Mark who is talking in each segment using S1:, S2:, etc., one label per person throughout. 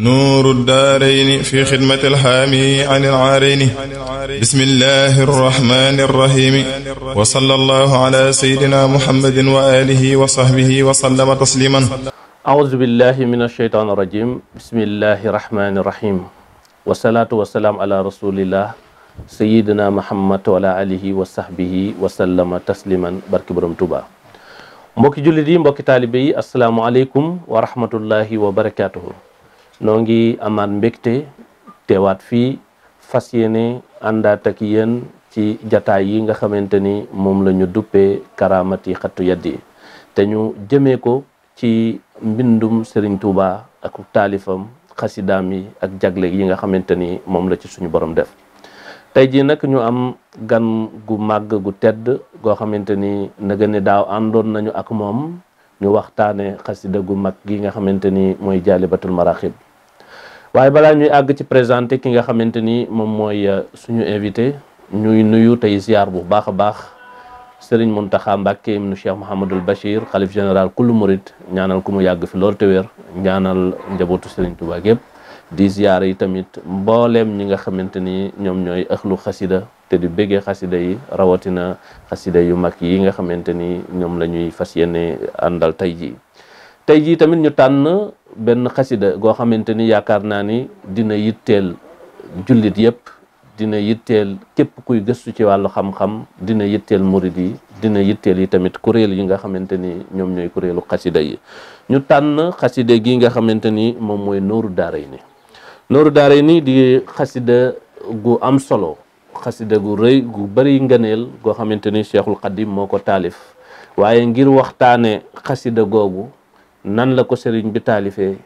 S1: نور الدارين في خدمة الحامي عن العارين بسم الله الرحمن الرحيم وصلى الله على سيدنا محمد
S2: وآله وصحبه وسلم تسليما أعوذ بالله من الشيطان الرجيم بسم الله الرحمن الرحيم والصلاة والسلام على رسول الله سيدنا محمد وعلى آله وصحبه وسلم تسليما بارك برم توبا mbokki jullit yi mbokki السلام عليكم ورحمة الله وبركاته noo ngi amaat mbégte teewaat fii fas yéene àndaat ak yéen ci jataay yi nga xamante ni moom la ñu duppee karaamati xattu yi te ñu jëmee ko ci mbindum Serigne Touba ak taalifam xasidaam yi ak jagle yi nga xamante ni moom la ci suñu borom def tey ji nag ñu am gan gu màgg gu tedd goo xamante ni naga daaw àndoon nañu ak moom ñu waxtaane xasida gu mag gi nga xamante ni mooy jaalibatul maraaxib waaye balaa ñuy àgg ci présenté ki nga xamante ni moom mooy euh, suñu invité ñuy nuyu tey ziar bu baax a baax Serigne Mountakha Mbacké nu Cheikh Mouhamadul Bachir xalif général kullu murit ñaanal ku mu yàgg fi loolu te wér ñaanal njabootu Serigne Touba gépp di ziar yi tamit mbooleem ñi nga xamante ni ñoom ñooy ëxlu xasida te di bëggee xasida yi rawatina xasida yu mag yi nga xamante ni ñoom la ñuy fas yéene àndal tey jii tamit ñu tànn benn xasida goo xamante ni yaakaar naa ni dina yitteel jullit yépp dina yitteel képp kuy gëstu ci wàllu xam-xam dina yitteel murid yi dina yitteel yi tamit kuréel yi nga xamante ni ñoom ñooy kuréelu xasida yi ñu tànn xasida gi nga xamante ni moom mooy nooru daara yi ni nooru daara yi ni di xasida gu am solo xasida gu rëy gu bari ngëneel goo xamante ni cheikhul xadim moo ko taalif waaye ngir waxtaane xasida googu nan la ko sëriñ bi taalifee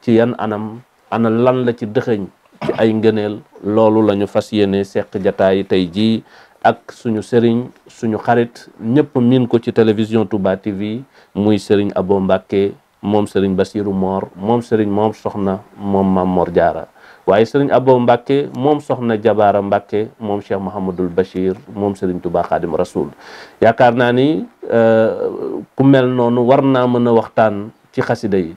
S2: ci yan anam ana lan la ci dëxëñ ci ay ngëneel loolu la ñu fas yéene seq jataay tey jii ak suñu sëriñ suñu xarit ñëpp miin ko ci télévision Touba TV muy sëriñ Abo Mbàkke moom sëriñ Basiiru Moor moom sëriñ moom soxna moom Maam Moor Jaara waaye sëriñ Abo Mbàkke moom soxna Jabaara Mbàkke moom Cheikh Mouhamadul Bachir moom sëriñ Touba Xaadim Rasoul yaakaar naa ni euh, ku mel noonu war naa mën a waxtaan ci xasida yi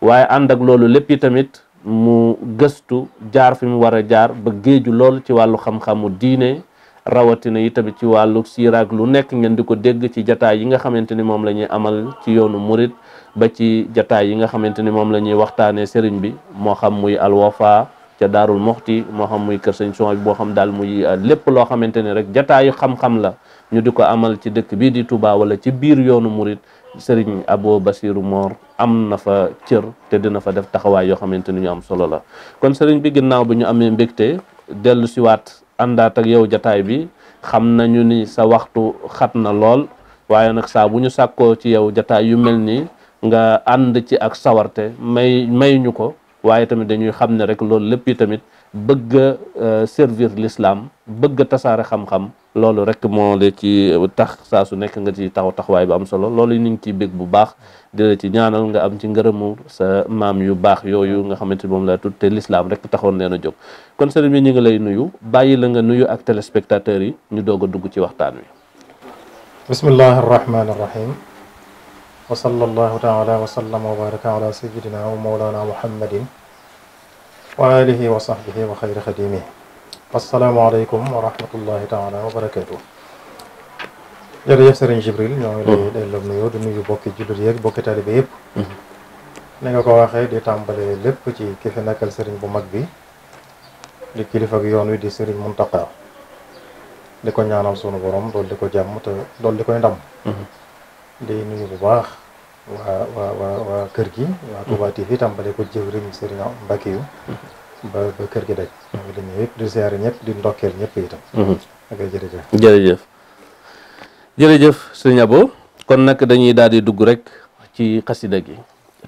S2: waaye ànd ak loolu lépp yi tamit mu gëstu jaar fi mu war a jaar ba géeju lool ci wàllu xam-xamu diine rawatina yi tamit ci wàllu siiraag lu nekk ngeen di ko dégg ci jataay yi nga xamante ni moom la ñuy amal ci yoonu murit ba ci jataay yi nga xamante ni moom la ñuy waxtaanee sëriñ bi moo xam muy alwafa ca daarul moxti moo xam muy kër sëñ son bi boo xam daal muy euh, lépp loo xamante ni rek jataayu xam-xam la ñu di ko amal ci dëkk bii di tubaa wala ci biir yoonu murit sëriñ Abo Basiru Moor am na fa cër te dina fa def taxawaay yoo xamante ni ñu am solo la kon sëriñ bi ginnaaw bi ñu amee mbégte dellu siwaat àndaat ak yow jataay bi xam nañu ni sa waxtu xat na lool waaye nag saa bu ñu sàkkoo ci yow jataay yu mel nii nga ànd ci ak sawarte may may ñu ko waaye tamit dañuy xam ne rek loolu lépp yi tamit bëgg a euh, servir l'islam bëgg tasaare xam-xam loolu rek moo la ci tax saa su nekk nga ci taxaw taxawaay bu am solo loolu ñu ngi ciy bég bu baax di la ci ñaanal nga am ci ngërëmu sa maam yu baax yooyu nga xamante ni moom laa tudd te lislaam rek taxoon leen a jóg kon sëriñ bi ñu ngi lay nuyu bàyyi la nga nuyu ak téléspectateurs yi ñu doog a dugg ci waxtaan wi
S3: bismillahi arrahmani irrahim wa sallallahu taala wa sallama wa baraka ala sayidina wa mawlana muhammadin wa alihi wa sahbihi wa xayri xadimihi asalaamaaleykum wa rahmatullahi taala wa barakaatu. jërëjëf Serigne Jibril ñoo ngi lay delloo nuyoo di nuyu bokki jullit yeeg bokki taalibe yëpp. ni nga ko waxee di tàmbale lépp ci ki fi nekkal Serigne bu mag bi. di kilifa ak yoon wi di Serigne Mountakha. di ko ñaanal sunu borom dool di ko jàmm te dool di koy ndam. di nuyu bu baax. waa waa waa waa kër gi. waa Touba TV tàmbale ko jëwriñ Serigne Mbacké yu ba ba kër gi daj ngi dañu yëpp di ziare ñëpp di ndokkeel ñëpp itam mhm.
S2: ak jërëjëf jërëjëf jërëjëf sëñ Abo kon nag dañuy daal di dugg rek ci xasida gi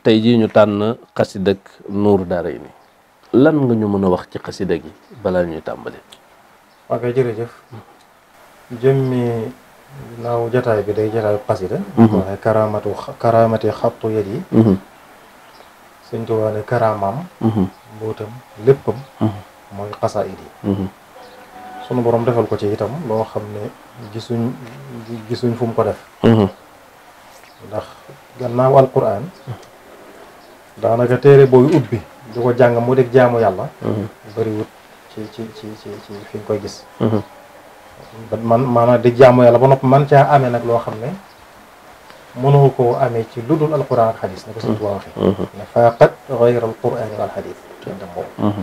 S2: tey jii ñu tànn xasida ak Nuuru Daarayni lan nga ñu mën a wax ci xasida gi balaa ñuy tàmbali
S3: waa kay jërëjëf jëmmi naaw jataay bi day jataayu mhm. mhm. ne mbóotam léppam hmm. mooy xasaayid yi hmm. sunu borom defal ko ci itam loo xam ne gisuñ gisuñ fu mu ko def hmm. ndax gannaaw alquran daanaka téere booy ubbi di ko jàng mu deg jaamu yàlla bëriwut ci ci ci ci ci fi koy gis man maanaam di jaamu yàlla ba noppi man caa amee nag loo xam ne mënoo koo amee ci lu alquran ak xadis ne ko suñu waxee ne faaqat gayra alquran wal xadis coono boobu.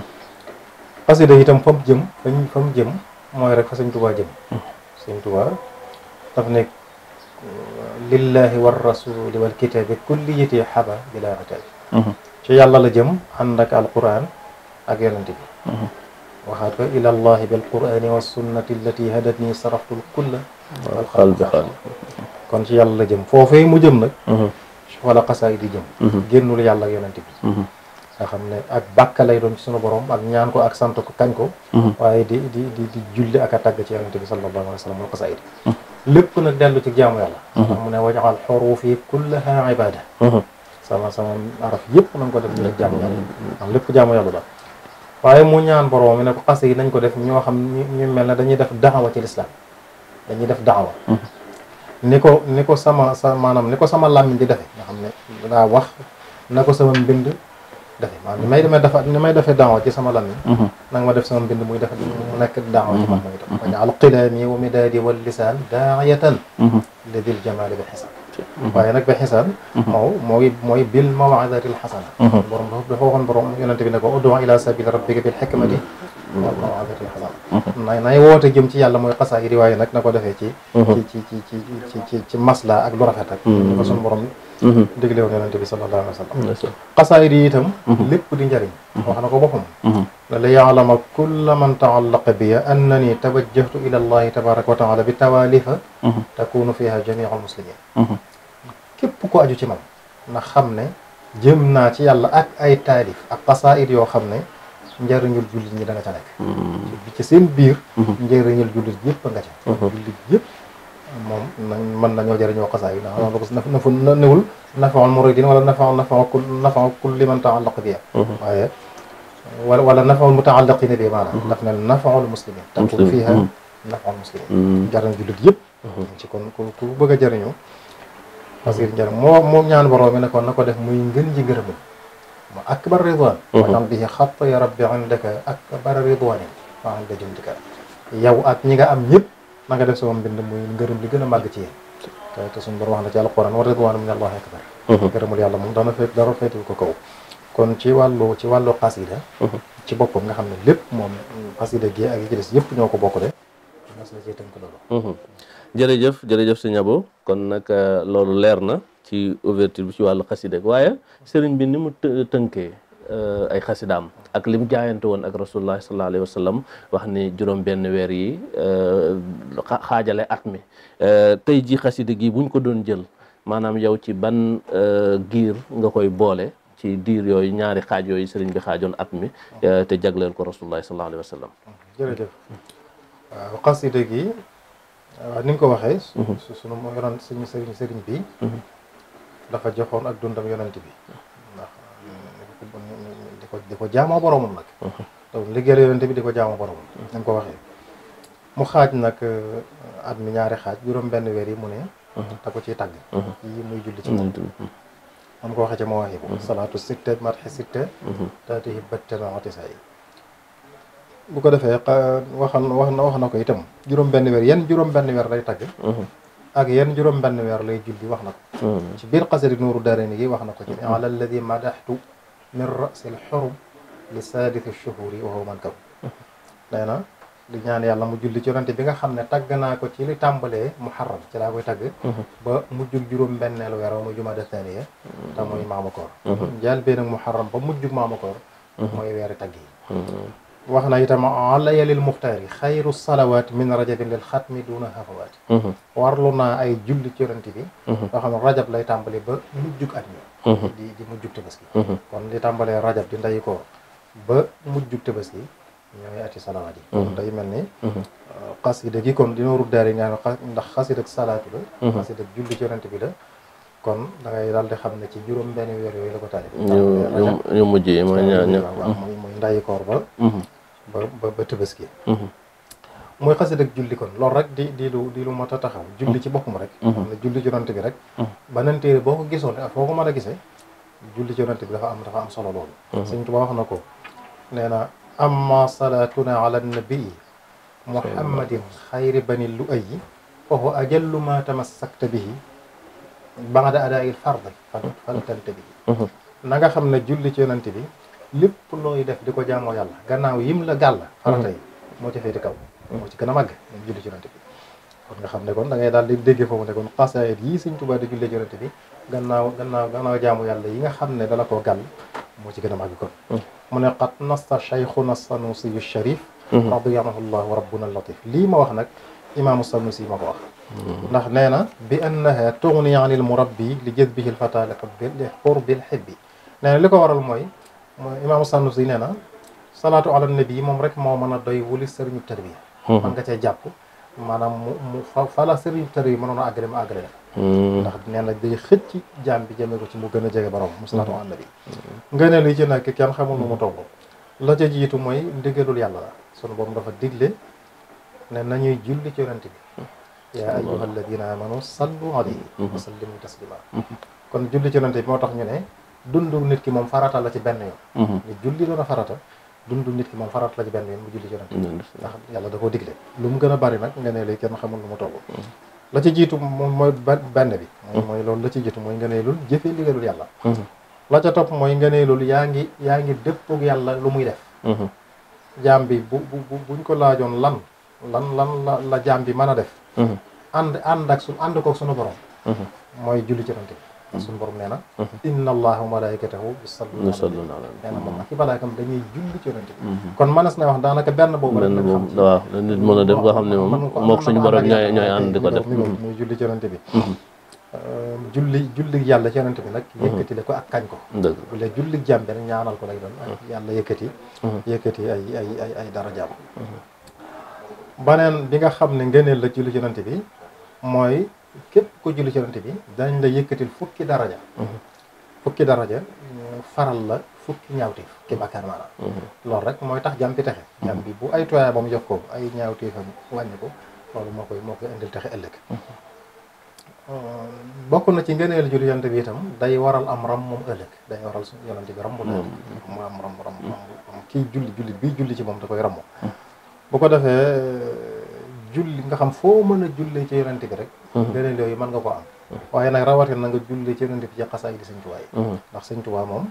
S3: xasida itam fa mu jëm dañ fa mu jëm mooy rek fa sëñ Tuubaa jëm. sëñ Tuubaa daf nekk lillahi war rasuli wal kitaabi kulli yiti xaba bila atal ci yàlla la jëm ànd ak alquran ak yonent bi. waxaat ko ila allahi bil qurani wa sunnati allati hadatni saraftul kulla
S4: wal qalbi xaali
S3: kon ci yàlla la jëm foofee mu jëm nag. wala xasaay di jëm. génnul yàlla ak yonent bi. nga xam ne ak bàkka lay doon ci sunu borom ak ñaan ko ak sant ko kañ ko mhm. waaye di di di di julli ak a tàgg ci yonente bi sallallahu alayhi wa sallam wal xasaid mhm. lépp nag dellu ci jaamu yàlla mhm. mu ne wajaxal xuruufi kullaha ibada sama sama araf yëpp nañ ko def ñu jaamu yàlla ndax lépp jaamu yàlla la waaye mu ñaan borom mi ne ko xase yi nañ ko def ñoo xam ñu mel ne dañuy def daxawa ci lislaam dañuy def daxawa ni ko ni ko sama sa maanaam ni ko sama làmmiñ di defe nga xam ne daa wax na ko sama mbind defe maanaam ni may demee dafa ni may defee daawa ci sama lan ni na nga ma def sama mbind muy def mu nekk daawa ci man muy def wajaal qilaami wa midaadi wal lisaan daayatan li dil jamaali bi
S4: xisaan waaye nag bi xisaan moo
S3: mooy mooy bil mawaadati l xasana borom dafa dafa waxoon borom yonente bi ne ko udwa ila sabili rabbika bil xikmati wal mawaadati l
S4: xasana
S3: nay nay woote jëm ci yàlla mooy xasaa yi riwaaye nag na ko defee ci ci ci ci ci ci ci masla ak lu rafet ak ko suñu borom
S4: digle
S3: woon yonente bi sallallahu alayhi wa sallam xasaayid yi itam lépp di njariñ wax na ko boppam ne li yaalama kulla man taallaqa biya annani tawajjahtu ila allahi tabaraka wa taala bi tawaalifa takunu fiha jamiu almuslimin képp ko aju ci man na xam ne jëm naa ci yàlla ak ay taalif ak xasaayid yoo xam ne njëriñul jullit ñi da nga ca nekk ci seen biir njëriñul jullit yëpp nga ca
S4: jullit yëpp
S3: moom nañ mën nañoo jëriñoo xasaay bi ndax noonu la ko nafu newul nafaul muridin wala nafaul nafaul kul nafaul kul liman taallaq bi mhm. waaye wala wala nafaul mutaallaqina bi maanaam mhm. daf ne nafaul muslimin takun fiiha mhm. nafaul muslimin jariñ jullit yëpp ci kon ku ku bëgg a jëriñu parce que njëriñ moo moom ñaan borom mi ne ko na ko def muy ngën ji ngërëmam ma akbar ridwan waxam bi xatt ya rabbi indaka akbar ridwanin wa inda jundika yow ak ñi nga am ñëpp na nga def sama mbind muy ngërëm li gën a màgg ci yéen te te suñu borom wax na ci alxuraan war dëgg waan mu ne allahu akbar mhm. ngërëmul yàlla moom dana fekk dara feetul ko kaw kon ci wàllu ci mhm. ci boppam nga xam ne lépp moom xasida gi ak yi ci des yëpp la
S2: cee tënk loolu mhm. jërëjëf jërëjëf kon nag euh, loolu leer na ci ouverture bi ci wàllu xasida waaye sëriñ bi ni mu tënkee Euh, ay xasidaam ak lim jaayante woon ak rasulullah sallallahu alayhi wax ni juróom benn weer yi euh, xaajale at mi euh, tey ji xasida gi buñ ko doon jël maanaam yow ci ban giir nga koy boole ci diir yooyu ñaari xaaj yooyu sëriñ bi xaajoon at mi te jagleel ko rasulullah sallallahu alayhi wa sallam
S3: gi waaw ko waxee mhm. sunu moo yoroon suñu sëriñ bi mhm. dafa joxoon ak dundam yonent bi di ko di ko jaamoo boromam nag donc liggéeyal yonent bi di ko jaamoo boromam dañ ko waxee mu xaaj nag euh, at ñaari xaaj juróom benn weer yi mu ne te ko ciy tàgg yi muy julli ci moom man ko waxee ci ma waxee ko salaatu sitte marxi sitte taati hibbate maatisa yi bu ko defee waxan wax na wax na ko itam juróom benn weer yan juróom benn weer lay tagg ak yan juróom benn weer lay julli wax na
S4: ko hmm.
S3: ci biir xasari nuuru darayni gi wax na ko ci alalladi madaxtu min rasil xurum li saadisi shuhuri wa huwa mankabu nee na di ñaan yàlla mu julli ci yonante bi nga xam ne tagg naa ko ci li tàmbalee muharram ci laa koy tagg ba mujjug juróom benneelu weer wa muy jumada thaniya te muy maamu koor njaal bee nag muharram ba mujjug maamu koor mooy weeri tagg yi واخنا يتم على يلي المختار خير الصلوات من رجب للختم دون هفوات وارلونا اي جولي تيران تيبي واخنا رجب لا يتامبلي با مجوك اتنيو دي دي مجوك تبسكي كون لي تامبلي رجب دي نتايكو با مجوك تبسكي ñoy ati salawati day melni qasida gi kon dina ru dari ñaan ndax qasida salatu la qasida julli ci yonent bi la kon da ngay dal di xamne ci juróom ben wër yoy la ko tali ñu
S2: ñu mujjé mooy ñaan ñu
S3: moy nday koor ba ba ba tëbaski moy xasse rek julli kon lool rek di di lu di lu mata taxaw julli ci bokkum rek na julli ci yonent bi rek beneen téere boo ko gisoon ak foo mara gissé julli ci yonent bi dafa am dafa am solo lool Sëñ Tuubaa wax nako neena amma salatuna ala nabi muhammadin khayr bani lu ayi fa huwa ajallu ma tamassakta bihi baada adaa'il fardi fal tantabi mhm. na nga xam ne julli ci yonent bi lépp looy def di ko jaamoo yàlla gannaaw yim la gàll farata yi mhm. moo ci féete kaw mhm. moo ci gën a màgg moom julli ci yonent bi nga xam ne kon da daal di dégg ne kon xasaayid yii Sëñ Tuubaa di julli ci gannaaw gannaaw gannaaw yàlla yi nga xam ne dala ko gàll moo ci gën a màgg kon mu ne qad nassa cheikhuna sanusiyu sharif radiyallahu anhu wa rabbuna latif lii ma wax nag imaamu sanusi ma ko wax نحن نينا بأنها تغني عن المربي لجذبه الفتى لحب لحرب الحب نينا لكو ورا الموي إمام سانوزي نينا صلاة على النبي ممرك ما من الدعي ولي سر التربية من قتى جابو مانا فلا سر التربية منو أجرم أجرم نح نينا دي خدي جام بجام بقول مو جنة جاي برام صلاة على النبي جنة ليجي نك كيان خامون مطوع لا تجي تومي دقيلو ليالا سنو بمرفا دقيلة نينا نيجي لي كيان تبي yaa ayyuha alladina amanu sallu alayhi wa mhm. sallimu taslima mhm. kon julli ci bi moo tax ñu ne dundu nit ki moom farata la ci benn yoon mhm. a farata dundu nit la ci benn yoon mu julli ci yonent bi ndax yàlla da koo digle lu mu gën a bari nag ngenee lay kenn xamul lu mu toll la ci jiitu mooy benn bi mooy loolu la ci jiitu mooy ngëneelul jëfee liggéeyul yàlla la ca topp mooy ngëneelul yaa ngi yaa ngi dëppoog yàlla lu muy def jaam bi bu bu buñ ko laajoon lan lan lan la la jaam bi mën a def. ànd mhm. ànd ak su ànd koog sunu borom. Mhm. mooy julli ci yonent bi. Mhm. sunu borom nee na. inna allaha wa malaikatahu yusalluna ala nabi nee na moom ak i malaakam dañuy julli ci yonent bi. kon mënees na wax daanaka benn boobu. benn boobu waaw
S2: la nit mën a def nga xam ne moom moog suñu borom ñooy ñooy ànd di ko def. muy
S3: julli ci yonent bi. Euh, julli julli yàlla ci yonent bi nag yëkkati le ko ak kañ ko bu lee julli jàmbe nag ñaanal ko lay doon ak yàlla yëkkati yëkkati ay ay ay ay dara jàmm baneen bi nga xam ne ngëneel la julli ci yonent bi mooy képp ko julli ci yonent bi dañ la yëkkatil fukki daraja mhm. fukki daraja euh, faral la fukki ñaawteef fukki bakkaar maanaam mhm. loolu rek mooy tax jàmm bi texe jàmm bi bu ay tooyaa ba mu jox ko ay ñaawteefam wàññi ko loolu moo koy moo koy indil texe ëllëg mhm. euh, bokk na ci ngëneel julli yonent bi itam day waral am ram moom ëllëg day waral yonent bi rambu ëllëg mu am ram ram ram julli julli bii julli ci moom da koy ramu bu ko defee julli nga xam foo mën a jullee ci yonent bi rek mhm. leneen yooyu mën nga ko am waaye nag rawatina na nga jullee ci yonent bi ci xasaayid sëñ Tuubaa yi mhm. ndax sëñ wa moom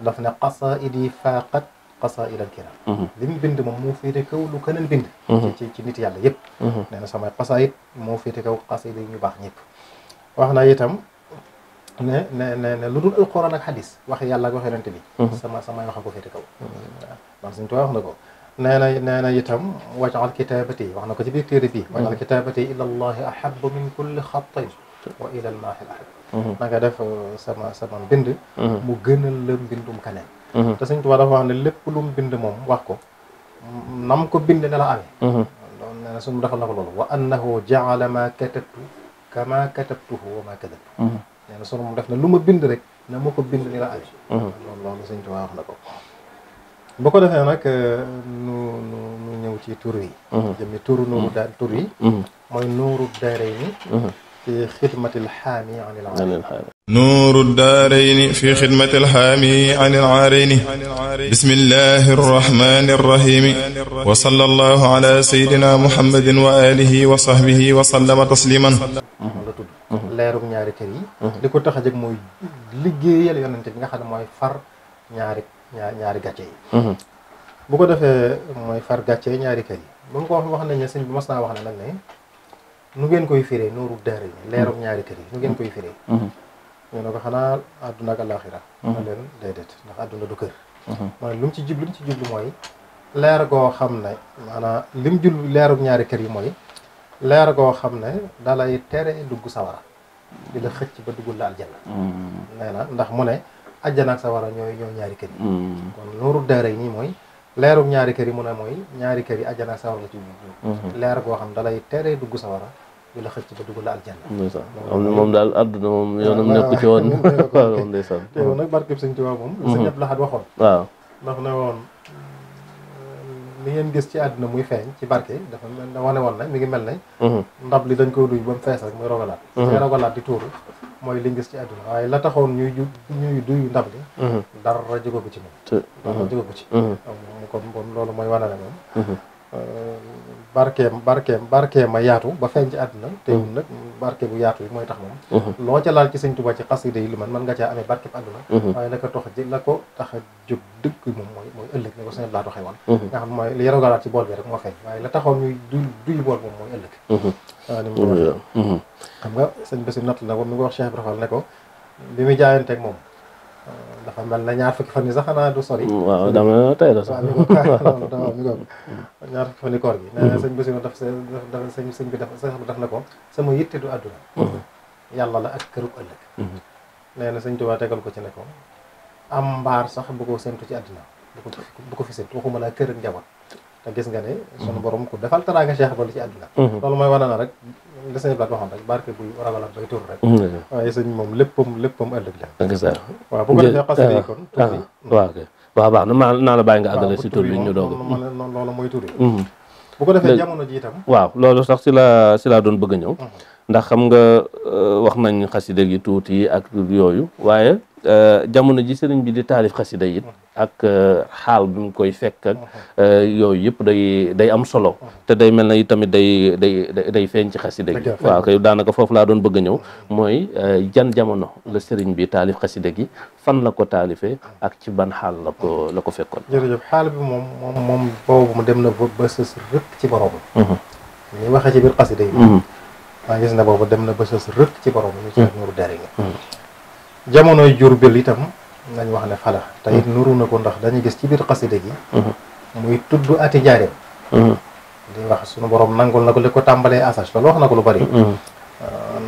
S3: daf ne xasaayid yi faaqat xasaayid al kiraam mhm. li mu bind moom moo féete kaw lu keneen bind ci ci nit yàlla yëpp nee na samay xasaayid moo féete kaw xasaayid yi ñu baax ñëpp wax na itam ne ne ne ne lu dul alxuraan ak xadis wax yàlla ak wax yonent bi sama samay wax a ko féete kaw waaw man sëñ Tuubaa wax na ko nee na nee na itam wajal kitaabati wax na ko ci biir téere bi wajal kitaabati ila allahi ahabu min kulli xatin wa ila almaahi al ahab na nga def sama sama mbind mu gënal la mbindum keneen te sëñ Tuubaa dafa wax ne lépp lu mu bind moom wax ko nam ko bind ne la amee
S4: nee
S3: na suñu defal na ko loolu wa annahu jaala ma katabtu kama katabtuhu wa ma katabtu nee na sunu mu def na lu ma bind rek na ma ko bind ni la amee loolu loolu sëñ Tuubaa wax na ko boko defé nak nu nu ñew ci tour yi jëmi tour nu mu dal tour yi moy nuru daire yi ci khidmat hami an al
S4: hami
S1: نور الدارين في خدمة الحامي عن العارين بسم الله الرحمن الرحيم وصلى الله على سيدنا محمد وآله وصحبه وسلم تسليما
S3: لا يرب نياري تري لكو تخجك موي لجي يلي يونان تبنى فر نياري ñaar ñaari gàcce yi. Mm-hmm. bu ko defee mooy far gàcce ñaari kër yi ba mu ko wax wax nañ ne sëñ bi mos naa wax na nag ne nu ngeen koy firee nooru dër yi leeroog ñaari kër yi nu ngeen koy firee. Mm-hmm. ñu ne ko xanaa àdduna ak àllaaxira. ma mm-hmm. leen déedéet ndax àdduna du kër. ma ne lu mu ci jublu ci jublu mooy leer goo xam ne maanaa li mu jublu leeroog ñaari kër yi mooy leer goo xam ne dalay tere dugg sawara di la xëcc ba duggul la aljanna. nee na ndax mu ne. àjjana ak sawara ñooy ñooy ñaari kër yi
S4: hmm. kon nuuru daara yi nii
S3: mooy leerub ñaari kër yi mu a mooy ñaari kër yi àjjana ak sawara la ci biir hmm. leer goo xam dalay teree dugg sawara di la xëcc ba dugg la aljanna am na moom
S2: daal àdduna moom yoonam nekk ci woon waaw moom ndeysaan te nag
S3: barkeb sëñ Tuubaa moom li sëñ hmm. Abdou Lahad waxoon waaw ndax ne woon li ngeen gis ci àddina muy feeñ ci barke dafa mel ne wane woon na mi ngi mel ne mhm. ndab li dañ koy duy ba mu fees rek muy rogalaat muy mhm. rogalaat di tuuru mooy liñ gis ci àddina waaye la taxoon ñuy ñuy duy ndab li mhm. dara jóge ko ci moom dara jóge ko ci kon kon loolu mooy wane ne moom barkeem barkeem barkeem a yaatu ba feeñ ci àdduna mm-hmm. teewul nag barke bu yaatu yi mooy tax moom mm-hmm. loo ca laal ci sëñ Tuubaa ci xasida yi lu man mën nga caa amee barke bu àdduna mm-hmm. waaye la ko a nga xam mooy li rogalaat na ko mi ngi wax Cheikh Ibrahima ne ko bi muy jaayanteeg moom dafa mel na ñaar fukki fan yi sax xanaa du sori. waaw
S2: dama tey la sax. waaw
S3: mi ngoog ñaar fukki fan yi koor gi. Mhm. nee na sëñ Bassirou daf dafa sëñ sëñ bi dafa sax ko sama yitte du àdduna. Mhm. yàlla la ak kërug ëllëg. Mhm. nee na sëñ Tuubaa tegal ko ci ne ko am mbaar sax bu ko séntu ci àdduna bu ko ko fi séntu waxuma la kër ak njaboot. te gis nga ne. sunu borom ku defal teraanga Cheikh Ibra ci àdduna. loolu mooy wane na rek. li sëñ Blac waxoon rek barke buy ragaloon bay tur rek. Mm-hmm. waaye sëñ moom léppam léppam ëllëg la. dëgg saa ah, ah,
S2: waaw baax na naa la bàyyi nga àggale si tur ñu doog
S3: mm-hmm. waaw
S2: loolu sax si laa doon bëgg a ndax xam nga euh, wax nañ xasida gi tuuti ak yooyu waaye euh, jamono ji sëriñ bi di taalif xasida yi ak euh, xaal bi mu koy fekk ak yooyu yëpp day day am solo te day mel na i tamit day day day feeñ ci xasida gi waaw kay daanaka foofu laa doon bëgg a ñëw mooy jan jamono la sëriñ bi taalif xasida gi fan la ko taalifee ak ci ban xaal la ko fekkoon jërëjëf
S3: xaal bi moom moom boobu mu dem na ba sës ci borom mhm. ni maa gis ne boobu dem na ba sës rëkk ci borom ñu ci nuru deri
S4: ni
S3: jur Jurbel itam nañ wax ne fala te it nuru na ko ndax dañuy gis ci biir xasida gi muy tudd ati jaareem di wax sunu borom nangul na ko li ko tàmbalee asach loolu wax na ko lu bari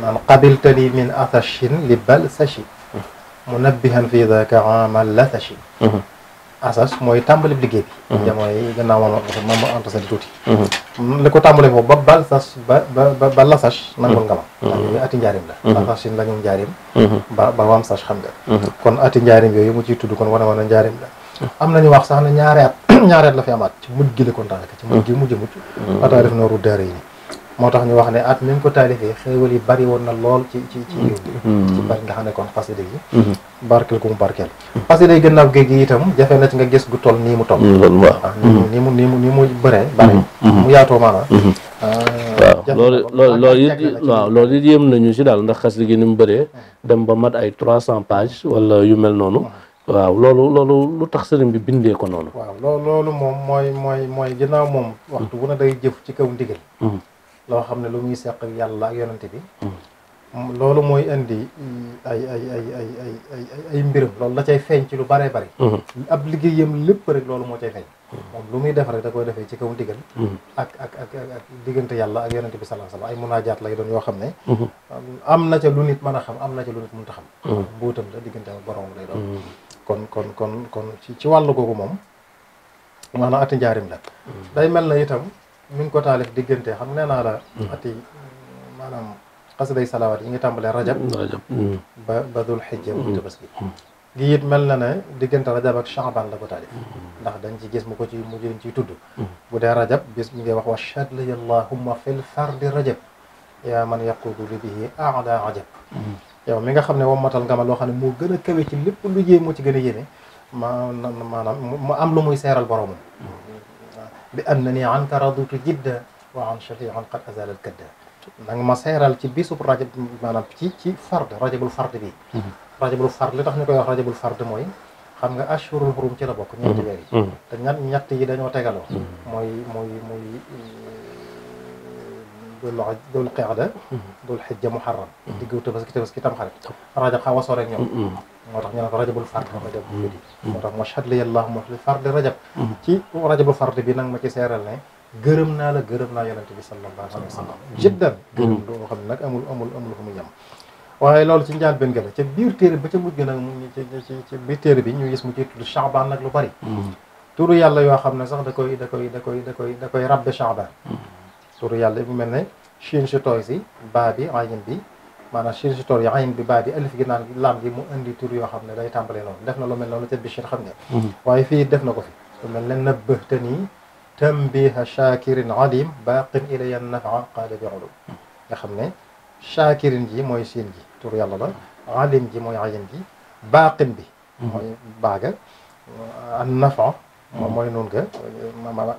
S3: naan qabiltani min asachin li bal sachi munabbihan fi daka amal la sachi asas mooy tàmbali liggéey bi. Mhm. jamono gannaaw moom moom moo antasali tuuti. Mhm. Mm, li ko tàmbalee foofu ba bal sas ba ba ba lasas. Mhm. nangul nga ma. ndax ati njaarim la. lasas yi la ñu njaarim. ba ba wam sas xam nga. kon ati njaarim yooyu mu ciy tudd kon wane wane njaarim la. am nañu wax sax ne ñaari at ñaari at la fi amaat ci mujj gi la kon daanaka. ci mujj gi mujj mujj. ataa def nooru daara yi. moo tax ñu wax ne at mi ngi ko taalifee xéewal yi bari woon na lool ci ci ci mm. yiw bi mm. ci bari nga xam ne kon xasida mm-hmm. yi barkeel ku mu barkeel yi gi itam jafe na ci nga gis gu toll nii mu toll mm, waaw ah,
S4: ni
S2: mu ni mu ni mu bëree mm-hmm. bari mm-hmm. mu yaatoo maanaam ah, waaw loolu loolu loolu it waaw loolu it yëm nañu si daal ndax xasida gi ni mu bëree dem ba mat ay trois cent yu mel noonu waaw loolu loolu lu tax sëriñ bi bindee ko noonu waaw
S3: loolu loolu moom mooy mooy mooy ginnaaw moom waxtu bu na day jëf ci kaw ndigal loo xam ne lu muy seq ak yàlla ak yonante bi hmm. mm, loolu mooy indi ay ay ay ay ay ay ay mbiram loolu la cay feeñ ci lu bare bari hmm. ab liggéeyam lépp rek loolu moo cay feeñ hmm. moom lu muy def rek da koy defee ci kaw diggan ak ak ak diggante yàlla ak yonante bi sallallahu alayhi wasallam ay munaajaat lay doon yoo xam ne am na ca lu nit man a xam am na ca lu nit mënta xam mbuutam la diggante ak borom lay doon kon kon kon kon ci ci wàllu googu moom maanaam ati njaarim la day mel na itam mi ngi ko taalif diggante xam nee naa la. Mm. ati maanaam xasiday salawaat yi ngi tàmbalee rajab. Mm, mm. ba ba dul xijja muy tabaski. gi it mel na ne diggante rajab ak chaban la ko taalif. ndax dañ ci gis mu ko ci mu jëriñ ciy tudd. bu dee rajab bis mi ngi wax wa shadli allahumma fil fardi rajab. yaa man yaqudu li bihi aada ajab. yow mi nga xam ne wammatal nga ma loo xam ne moo gën a kawe ci lépp lu jéem moo ci gën a yéene. ma maanaam mu am lu muy seeral boromam. بانني عنك رضيت جدا وعن شفيع قد ازال الكدا نغ نعم، ما سيرال تي بيسو راجب مانام تي تي فرد راجب الفرد بي راجب الفرد لي تخ نكو واخ راجب الفرد موي خمغا اشهر الحرم تي لا بوك ني تي ويري تا نيات نيات تي دانيو تيغالو موي موي موي دول العد دول القعده دول الحجه محرم ديغوتو بس كتاب بس كتاب خالد راجب خا وصو رك moo tax ñu naan rajabul fard rajabul wudi mm. moo tax mashhad li allahumma fi fard rajab mm. ci rajabul fard bi nag ma ci seeral ne gërëm naa la gërëm naa yonente bi sallallahu alayhi wa sallam jiddan mm. gërëm loo xam ne nag amul amul amul fu mu yem waaye loolu ci njaal benn ga la ca biir téere ba ca mujj nag ci ci biir téere bi ñu gis mu ci tudd Chaabaan nag lu bari turu yàlla yoo xam ne sax da koy da koy da koy da koy da koy rabbe Chaabaan turu yàlla bu mel ne chine si tooy si baa bi ayin bi maanaam sirisitor yi ayin bi baa di alif gi naan laam gi mu indi tur yoo xam ne day tàmbale noonu def na lu mel noonu te bichir xam nga waaye fii def na ko fi lu mel ne nabbëhtanii tambiha shakirin alim baqin ilaya nafa qaada bi ulum nga xam ne shakirin ji mooy siin ji tur yàlla la alim ji mooy ayin ji baqin bi mooy baaga an nafa moom mooy noonu que maanaam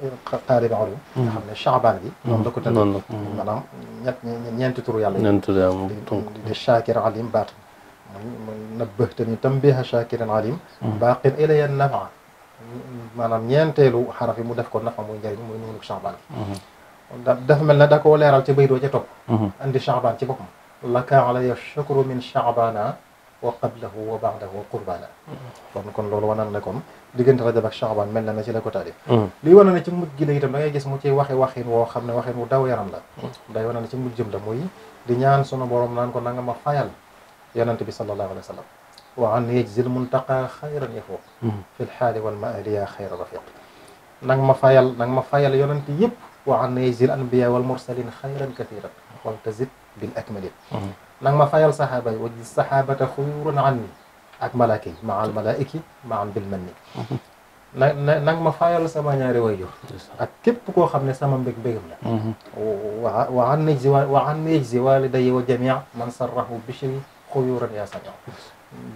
S3: xaaribi olum nga xam ne chaban bi moom la ko tënk maanaam ñett ñeenti turu yàlla
S2: yi
S3: di shakir alim baat mu nabbëhtani tambiha shakirin alim baaqin ilaya nafa maanaam ñeenteelu xaraf yi mu def ko nafa muy njëriñ muy noonu chaban bi dafa mel ne da koo leeral ci baydoo ca topp andi chaban ci boppam laka alaya shukru min chabana wa qablahu wa baadahu qurbana kon kon loolu wanaan ne kon diggante rajab ak chaaban mel na ne ci la ko tàddi liy wane na ci mujj gi la itam da ngay gis mu ci waxe waxin woo xam ne waxin wu daw yaram la day wane na ci mujjëm la muy di ñaan sunu borom naan ko nanga ma fayal yonente bi sallallahu alayhi wa sallam wa an yajzil muntaqa xayran yafuq fi lxaali wal maali yaa xayra rafiq nanga ma fayal nanga ma fayal yonente yëpp wa an yajzil anbiya wal mursalin xayran kathiran wal tazid bil akmali nanga ma fayal saxaaba yi wajzil saxaabata xuyuran anni ak malaaka yi ma al malaa'iki ma am bil manni na na ma faayal sama ñaari wayu ak képp koo xam ne sama mbég mbégam la wa wa an najzi wa an najzi waalidayya wa jamia man sarrahu bishri xuyuran ya sañoo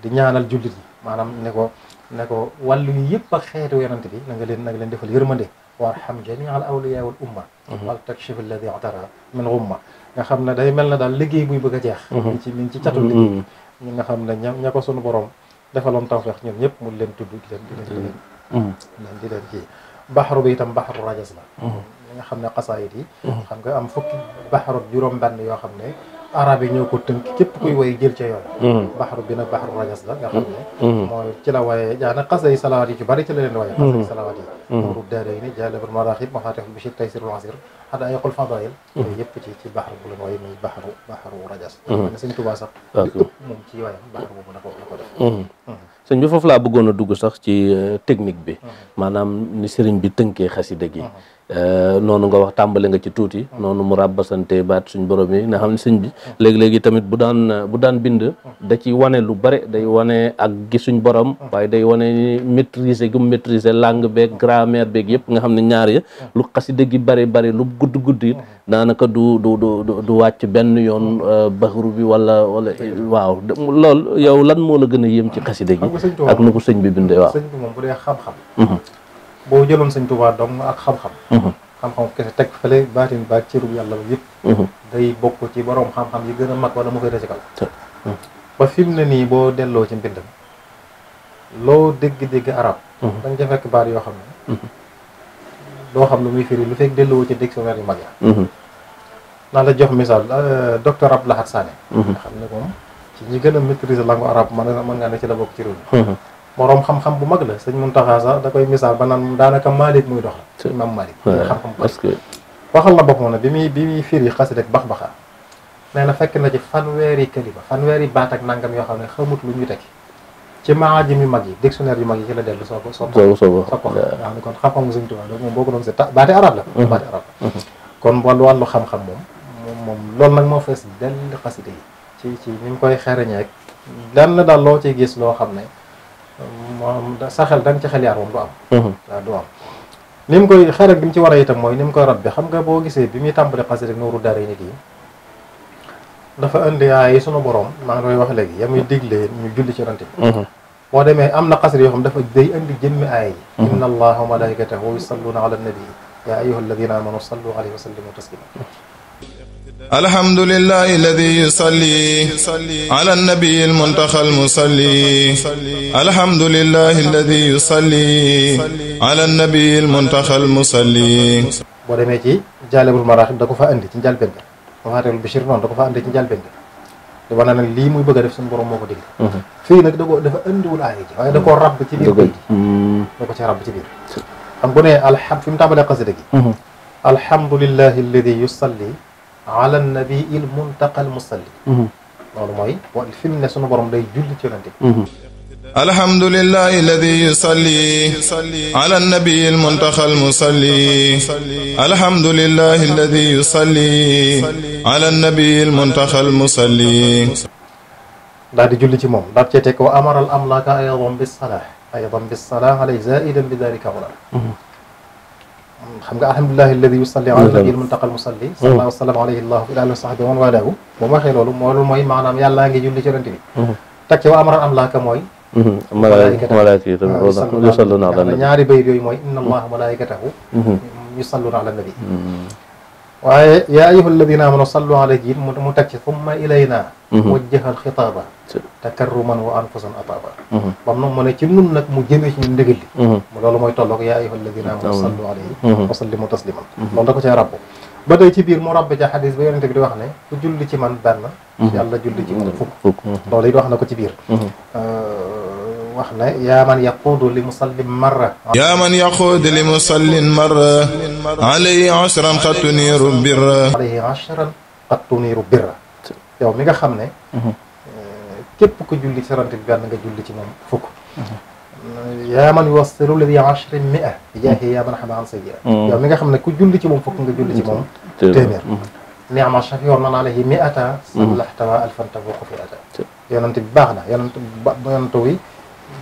S3: di ñaanal jullit yi maanaam ne ko ne ko wàllu yu yëpp ak xeetu yonante bi na nga leen na nga leen defal yërmande warham jamia al awliya wal umma wal takshif alladi atara min umma nga xam ne day mel na daal liggéey buy bëgg a jeex ci min ci catul liggéey ñi nga xam ne ña ña ko sunu borom defaloon tawfeex ñoom ñëpp mu leen tudd di leen di leen mm-hmm. di leen kii baxaru bi itam baxaru rajas la
S4: mm-hmm.
S3: xam ne xasaayit yi mm-hmm. xam nga am fukki baxaru juróom benn yoo xam ne arab yi ñoo ko tënk képp kuy mm. woy jël ca yoon mm. baxaru bi na baxaru rajas la nga xam mm. ne ci la waaye daana xasa yi ci bëri ci la leen waaye xasa yi salawaat yi rub daara yi ni jalibal maraaxib maxaatixul bishir taysirul asir xada ay xol fadail yooyu yëpp ci ci baxaru bu rajas ne sëñ Tuubaa
S2: ko la ko laa bëggoon a dugg sax ci euh, technique bi maanaam ni sëriñ bi tënkee xasida gi Euh, noonu nga wax tàmbali nga ci tuuti. noonu mu ràbbasante baat suñ borom yi na xam ne sëñ bi léegi-léegi tamit bu daan bu daan bind da ci wane lu bare day wane ak gi suñ borom waaye day wane ni maîtriser gu maîtriser langue beeg grammaire beeg yëpp nga xam ne ñaar ya lu xasida gi bare bare lu gudd gudd it daanaka du du du du wàcc benn yoon euh, baxru bi wala wala waaw lool yow lan moo la gën a yéem ci xasida gi ak nu ko sëñ bi bindee waaw
S3: boo jëloon sëñ Tuubaa dong ak xam-xam mhm. xam-xam kese teg fële baatin ci cërub yàlla bi yëpp mhm. day bokk ci borom xam-xam yi gën a mag wala mu koy rëcc kaw mhm. ba fi mu ne nii boo delloo ci mbind mi loo dégg-dégg arab da nga ca fekk baat yoo xam ne doo xam lu muy firi lu fekk delloo ci dictionnaire yu mag ya naa la jox misaal euh, docteur Abdou Lahad Sané nga xam ne moom ci ñi gën a maîtriser langue man a mën ngaa ne ci la bokk ci réew mi moroom xam-xam bu mag la sëñ Muntaxa sax da koy misaal ba naan daanaka Maalik muy dox la imam Maalik xam-xam parce que waxal na boppam ne bi muy bi muy firi xasida ak bax baxa nee na fekk na ci fanweeri kalima fanweeri baat ak nangam yoo xam ne xamut lu ñu tekki ci maajim yu mag yi dictionnaire yu mag yi ci la dellu soo ko soo ko soo ko xam ne kon xam-xamu sëñ Tuubaa donc moom ko doon seet baati arab la mm-hmm. baati arab la mm-hmm. kon wàllu wàllu xam-xam moom moom loolu nag moo fees dell xasida yi ci ci ni mu koy xereñee ak dan na daal loo ciy gis loo xam ne moom sa xel da nga ci xel yaar moom du am waaw du am ni mu koy xarak bi mu ci war a itam mooy ni mu koy rab bi xam nga boo gisee bi muy tàmbali xasida rek nooru dara nit yi dafa indi ay sunu borom maa ngi koy wax léegi yamuy digle ñu julli ci rante boo demee am na xasida yoo xam dafa day indi jëmmi aaya yi inna allaha wa malaikatahu yusalluna ala nabi ya ayyuha alladina amanu sallu alayhi wa sallimu taslima
S1: الحمد لله الذي يصلي على النبي المنتقى المصلي الحمد لله الذي يصلي على النبي
S3: المنتقى المصلي بريمتي جالب المراحل دكو فا اندي تي جالبن وهاري البشير نون دكو فا اندي تي جالبن دي وانا لي موي بغا ديف سون بوروم موكو ديغ في نك دكو دفا اندي ولا اي جي دكو راب تي بير دكو تي راب تي بير ام بوني الحمد فيم تابل قصيده الحمد لله الذي يصلي على النبي المنتقى المصلي معلومه نعم، نعم. والفيلم ناس نبر ملي جولي
S4: تيونتي
S1: الحمد لله الذي يصلي على النبي المنتخى المصلي الحمد لله الذي يصلي على النبي المنتخى المصلي دادي جولي تي موم داب تي
S3: امر الاملاك ايضا بالصلاه ايضا بالصلاه عليه زائدا بذلك امر الحمد لله الذي يصلي على النبي المنتقى المصلي صلى الله وسلم عليه الله وعلى اله وصحبه ومن والاه وما خير ولو مولى المهم معنا يا الله نجي جولي جرانتي بي تكي وامر ام لاك موي
S2: ملائكته يصلون ان
S3: الله ملائكته يصلون على النبي ويا ايها الذين امنوا صلوا عليه مو ثم الينا وجه الخطابه تكرمان وانفسا اطابا بامنو موني تي نون نك مو جيمي سي نون ديغلي مو لولو موي تولو يا ايها الذين امنوا نعم. صلوا عليه وسلموا تسليما لون داكو تي رب با داي تي بير مو رب جا حديث با يونتك دي واخني كو جولي تي مان بان يالله جولي تي فوك فوك لولاي واخ نكو تي بير يا من يقود لمسلم مره
S1: يا من يقود
S3: لمسلم مره علي عشرا قد تنير بر عليه عشرا قد تنير بر يوم ميغا خامني képp ku julli ci yonent bi benn nga julli ci moom fukk yaa man yuwassilu la bi ashri mia bi jaahi yaa man xama an sayyi'a yow mi nga xam ne ku julli ci moom fukk nga julli ci moom téeméer ni'ma shafi'un man alayhi mi'ata sallahtama alfan tafuuqu fi ata yonent bi baax na yonent yonent wi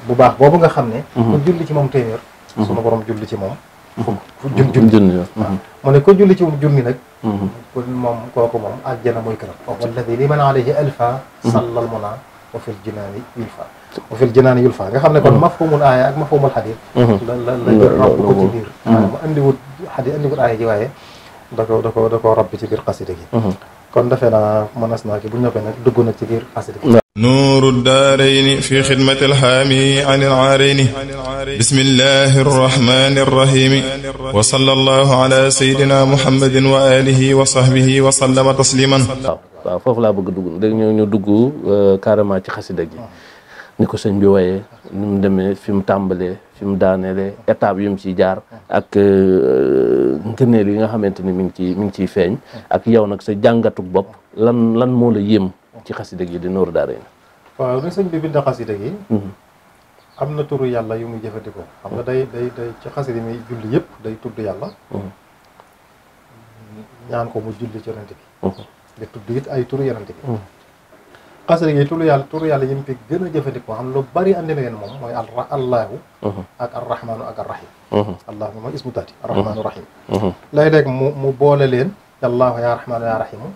S3: bu baax boobu nga xam ne ku julli ci moom téeméer sunu borom julli ci moom
S4: fukk jun junni waaw
S3: mu ne ko julli ci moom junni nag kon moom kooku moom àjjana mooy këram walladi liman alayhi alfa sallal muna wa fil jinaani yulfa wa fil jinaani yulfa nga xam ne kon mafhumul aaya ak mafhumul xadis la la la jël rabb ko ci biir maanaam andiwut xadis andiwut aaya ji waaye da ko da ko da koo rabb ci biir xasida gi kon defe naa mënees naa ki bu ñëppee nag dugg na ci biir xasida gi
S1: نور الدارين في خدمة الحامي عن العارين بسم الله الرحمن الرحيم وصلى الله على سيدنا محمد وآله وصحبه وسلم
S2: تسليما waaw foofu laa bëgg dugg dégg ñoo ñu dugg euh, carrément ci xasida gi ah. ni ko sëñ bi woyee ni mu demee fi mu tàmbalee fi mu daanelee étape yu mu ciy jaar ah. ak euh, ngëneel yi nga xamante ni mi ngi ciy mi ngi ciy feeñ ah. ak yow nag sa jàngatuk bopp lan lan moo la yéem ci xasida gi di nooru daara yi
S3: waaw bi sëñ bi bind xasida gi mm-hmm. am na turu yàlla yu muy jëfandikoo xam nga mm-hmm. day day day ci xasida mi julli yëpp day tudd yàlla mm-hmm. ñaan ko mu julli ci bi di tudd it ay turu yonent bi mm. xasida gi turu yàlla turu yàlla yi mu fi gën a jëfandikoo xam lu bari andi na leen moom allahu mm-hmm. ak arrahmaanu ak arrahim mm-hmm. allahu mooy ismu taati arrahmaanu mm-hmm.
S4: rahim
S3: léeg-léeg mu mu boole leen allahu yaa rahmaanu yaa rahimu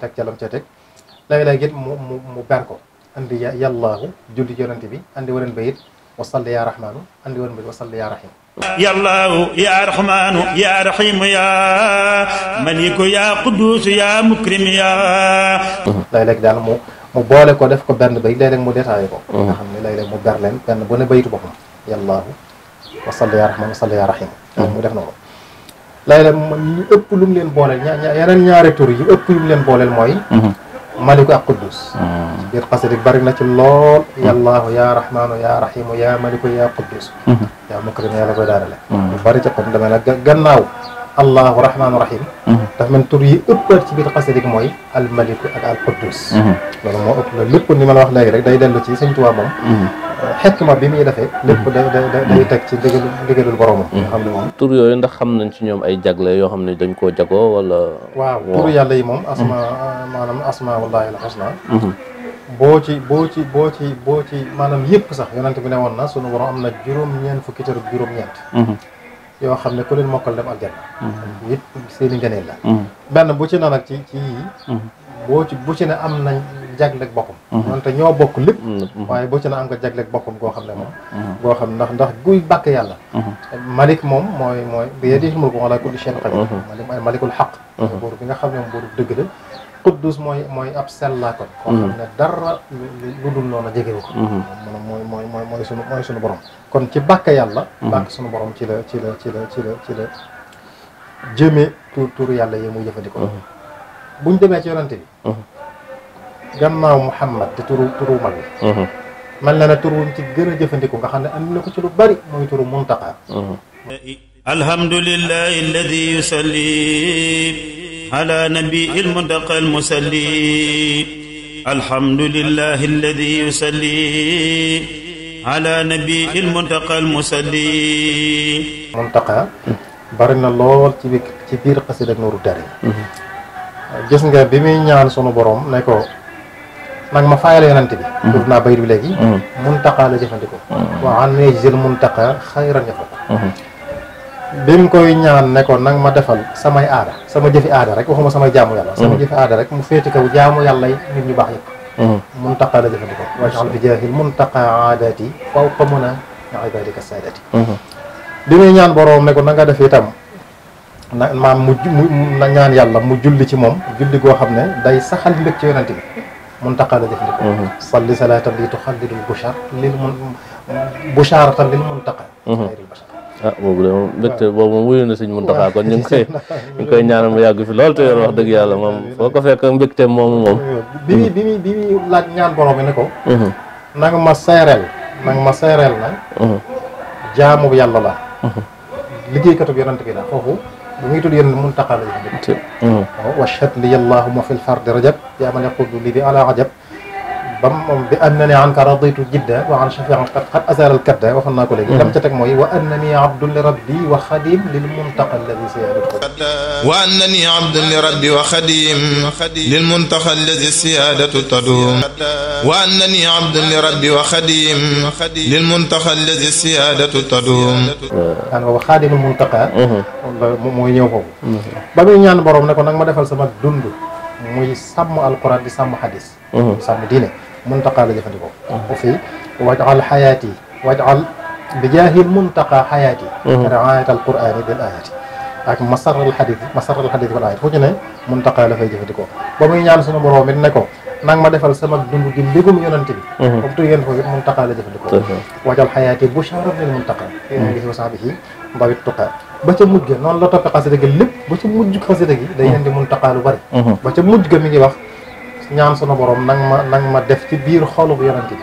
S3: teg ca lam ca mu mu mu ber julli yonent bi andi waneen ba it wasalli yaa rahmaanu andi waneen ba it wasalli yallaahu yaa raxmaanu yaa raxiimu yaa maliku ya quduusu yaa mukrim yaa léeg-léeg daal mu mu boole ko def ko benn bay léeg-léeg mu détaillé ko mm-hmm. nga xam ne léeg-léeg mu ber leen benn bu ne baytu boppam yallaahu wa salli yaa raxmaan wa salli yaa raxiim mm-hmm. mu def noonu léeg-léeg ñu ëpp lu leen booleel ña yeneen ñaari tur ëpp yu mu leen booleel mooy mm-hmm. ملك القدوس يبقى سيدك بارك لك يا الله يا رحمن يا رحيم يا ملك يا قدوس يا مكرم يا لك ودار لك بارك لك عندما الله رحمن رحيم تفمن تري أكبر تبير قصدك موي الملك القدوس لما أكبر لكم لما الله لك دايدا لتي سنتوا xekma bi muy defee lépp day day day teg ci ndigal ndigalul boromam mm-hmm. nga xam ne moom
S2: tur yooyu ndax xam nañ ci ñoom ay jagle yoo xam ne dañ koo jagoo wala waaw tur yàlla yi moom
S3: mm-hmm. asma maanaam asma wallahi al husna mm-hmm. boo ci boo ci boo ci boo ci maanaam yëpp sax yonent bi ne woon na sunu borom am na juróom-ñeent fukki cër juróom-ñeent yoo xam ne ku leen mokkal dem aljanna yëpp seeni ngëneel la benn bu ci na nag ci ci yii boo ci bu ci ne am nañ jagleeg boppam mhm. wante ñoo bokk lépp
S4: mm, mm. waaye bu
S3: ci na am nga jagleeg boppam goo xam ne moom mhm. goo xam ndax ndax guy bàkk yàlla mhm. malik moom mooy mooy bi yadihi mulku wa ala kulli shay'in qadir malik mooy malikul xaq buur bi nga xam ne moom buur dëgg la quddus mooy mooy ab sellaakoon koo xam ne dara lu dul noonu jegewu ko moom mooy mooy mooy mooy sunu mooy sunu borom kon ci bàkk yàlla bàkk sunu borom ci la ci la ci la ci la ci la jëmee tur tur yàlla yi muy jëfandikoo buñ demee ci yonante bi gannaaw Muhammad te turu turu mag bi man la na turu ci gën a jëfandikoo nga xam ne am na ko ci lu bari mooy turu muntaqa
S1: alhamdulillahi alladi yusalli ala nabii almuntaqa almusalli alhamdulillahi alladi yusalli ala nabi il muntaqa al musalli
S3: muntaqa bari na lool ci biir ci biir xasida ak بيمي نيان سونو nga نيكو nag ma faayal yonante bi mm. tuuf naa bayit bi léegi mm. muntaqa la jëfandikoo mm. waaw an yajzil muntaqa xayran yafal bi mu koy ñaan ne ko nag ma defal samay aada sama jëfi aada rek waxuma samay jaamu yàlla sama jëfi aada rek mu féeti kaw jaamu yàlla yi nit ñu baax yëpp mm-hmm. muntaqa la jëfandikoo wajaxal bi jaahil muntaqa aadati fawqa muna ibadika saadati
S4: mm-hmm. bi
S3: muy ñaan boroom ne ko na def itam na maam mu na ñaan yàlla mu julli ci moom julli koo xam ne day saxal mbég ci yonante bi muntaqa la jëfandikoo salli salata bi tuxallidul bushar lil bushar tan lil muntaqa
S2: bashar ah boobu de moom mbégte wuyu na suñ muntaxaa kon ñu koy ñu koy ñaanal mu yàgg fi lool te wax dëgg yàlla moom foo ko fekk mbégte moomu moom bi bi
S3: bi laaj ñaan borom ne ko ma ma na jaamu la yonent bi la نيتو ديال المنتقى واشهد لي اللهم في الفرد رجب يا من يقول لي على عجب بام بانني عنك رضيت جدا وعن شفيع قد قد ازال الكبده وفنا كل لم تتك موي وانني عبد لربي وخديم للمنتقى الذي سيعرفه
S1: وانني عبد لربي وخديم للمنتقى الذي السياده تدوم وانني عبد لربي وخديم
S3: للمنتقى الذي السياده تدوم انا وخادم المنتقى موي نيوفو بامي نيان بروم نكو نك ما ديفال سما دوندو موي سام القران دي سام حديث سام دينه منطقة لجفنكو وفي واجعل حياتي واجعل بجاه المنطقة حياتي رعاية القرآن بالآيات لكن مسر الحديث مسر الحديث والآيات هو جنة منطقة لفي جفنكو بمي نعم سنو برو من نكو نعم ما دفع السمك دنو جلدكم يننتبه وبتو ينفو منطقة لجفنكو طيب. واجعل حياتي بشارة للمنطقة إنه يسوى صاحبه ضوء التقى bacha mujj non la topé xassida gi lepp bacha mujj xassida gi day indi muntaqalu bari bacha mujj ñaan sunu borom nang ma nang ma def ci biir xolub yonent bi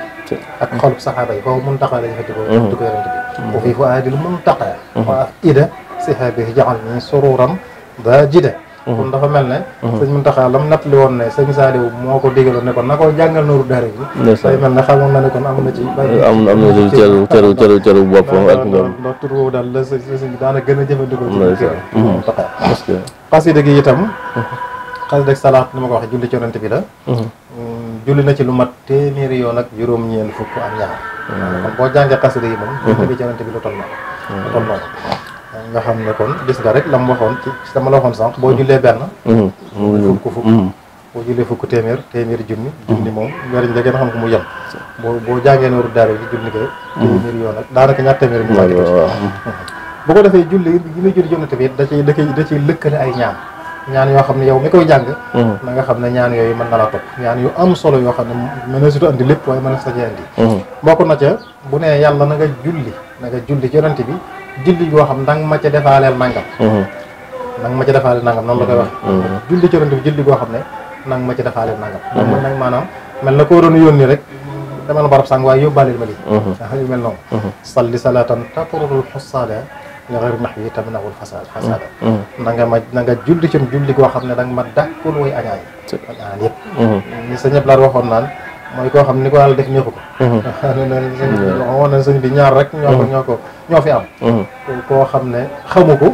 S3: ak xolub saxaaba yi foofu muntaqa lañu fa di ko di ko yonent
S4: bi bu mhm. fii fu
S3: aadil muntaqa mhm. wa ida sihaabihi jaxal nii sururam daa jida mhm. kon dafa mel ne sëñ Muntaxa lam nattali woon ne sëñ Saaliw moo ko digaloon ne kon na ko jàngal nooru daara na ne kon am na ci am am na ci cëru cëru cëru cëru boppam daal la sëñ daana gën a jëfandikoo ci Muntaxa parce que gi itam xasida ak salaat ni ma ko waxee julli ci bi la mhm. mm, julli na ci lu mat téeméeri yoon ak juróom ñeen fukk ak ñaar mhm. boo jàngee xasida yi moom julli mhm. bi lu toll noonu lu toll noonu xam ne kon gis nga rek la mu waxoon ci sama la waxoon sànq boo jullee benn fukk fukk boo jullee fukk téeméer téeméeri junni junni moom njëriñ la gën a xam ko mu yem boo boo jàngee nooru daara ji junni ko yoon ak daanaka ñaar téeméeri bu ko defee julli yi muy julli yonent bi da ci da ciy lëkkale ay ñaan ñaan yoo xam ne yow mi koy jàng mm-hmm. na xam ne ñaan yooyu mën na la topp ñaan yu am solo yoo xam ne mën na sutu andi lépp waaye mën na sa cee andi mm-hmm. bokk na ca bu ne na na nga julli ci yonent bi julli yoo xam ndang ma ca defaaleel
S4: mm-hmm.
S3: ma ca defaaleel nangam noonu la koy wax julli ci bi julli goo xam ne nang ma ca defaaleel nangam mel na koo doon yónni rek demal barab sàng waaye yóbbaaleel ma mel noonu salli salaatan tatrorul xussaala nga xër nax yi tam naxul fasaad
S4: fasaada mm, mm.
S3: na nga ma na nga julli ci julli koo xam ne da ma dàkkul way añaan añaan yëpp mm-hmm. sa ñëpp laat waxoon naan mooy koo xam ni ko yàlla def neexu ko mm-hmm. woon na sëñ bi ñaar rek ñoo ko mm-hmm. ñoo ko ñoo fi am koo xam ne xamu ko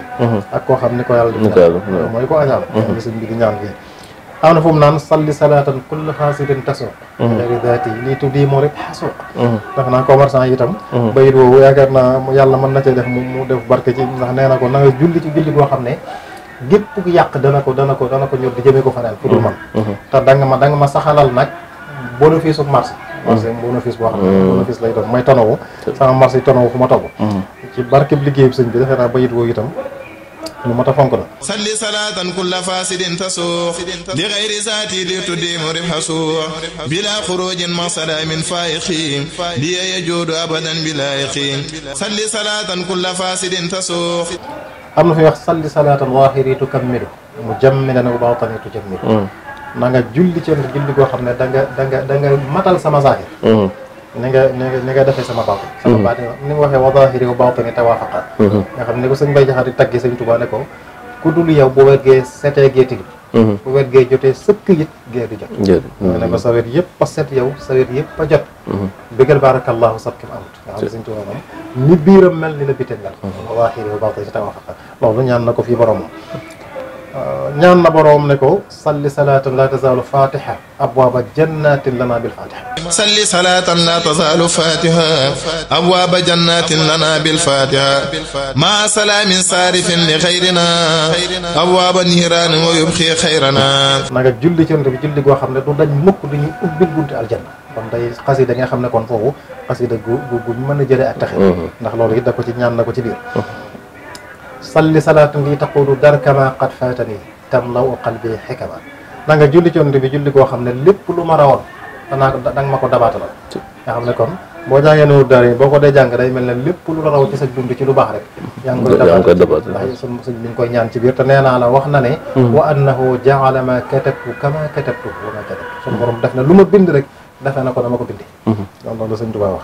S3: ak koo xam ni ko yàlla def mooy ko añaan sëñ bi di ñaan fii am na fu naan salli salaatan kulla fasidin tasoo dari mhm. daati lii tuddi moo rek xasoo mhm. def naa commerçant itam mhm. bayit woowu yaakaar naa yàlla mën na cee def mu def barke ci ndax nee na ko na julli ci julli boo xam ne gépp yàq dana ko dana ko dana ko ñor di jëmee ko faneen ku dul man te da nga ma da ma saxalal nag bénéfice bu marché marché bénéfice boo xam lay doon mooy tanawu sama marché tanawu fu ma togg ci barkeb liggéey bi sëñ bi defee naa bayit woowu itam lu mot a fonk la
S1: salli salaatan kulla fasidin tasuux li xayri zaati li tuddi mu rif xasuux bila xurujin ma salaamin faayiqi li yajuudu abadan bila yaqiin salli salaatan kulla fasidin tasuux
S3: am na fi salli salaatan waahiri tukammilu mu jammilan wa baatani tujammilu mm. na nga julli ci julli goo xam ne da nga da nga da nga matal sama zaahir mm. ni nga ni nga defee sama baat mhm. sama baat ni mu waxee wa zahiri wa batini tawaafaqa mhm. nga xam ne ko sëñ Bay Jaxate taggi sëñ Tuubaa ne ko ku dul yow bu wergee setee gee tilim mhm. bu wet gee jotee sëkk yit gee di jot nga ne ko sa wet yëpp a set yow sa wet yëpp a jot bëggal barakallaahu sabkim amut nga xam ne sëñ Tuubaa moom ni biiram mel ni la bitim mel wa zahiri wa batini tawaafaqa loolu ñaan na ko fii boromam ñaan na boroom ne ko salli salaatan laa tazaalu fatiha abwaaba jannatin lana bil fatiha salli salaatan laa tazaalu fatiha
S1: abwaaba jannatin lana bil fatiha maa salaamin saarifin
S3: li xayrina abwaaba nihiraanin wa yubxi xayrana nanga julli ci yonent bi julli goo xam ne du dañ mukk duñu ubbi bunti aljanna kon day xasida nga xam ne kon foofu xasida gu gu guñ mën a jëlee ak taxe ndax loolu it da ko ci ñaan na ko ci biir صل صلاة لي تقول درك ما قد فاتني تملأ قلبي حكمة نعم جولي جون ربي جولي جو خم نلب كل مرة ون أنا نعم ما كنت دبعت له يا خم نكون بوجا ينور داري بوجا ده جانغ داري من نلب كل مرة ون تسد جولي جولي بحرك
S2: يعني كنت دبعت هاي
S3: سن سن من كوين يعني تبير تنين على وحنا نه وأنه جعل ما كتبت كما كتبت وما كتبت سن برم دفن لوم بندرك دفن أنا ما كنت الله الله سن دبعت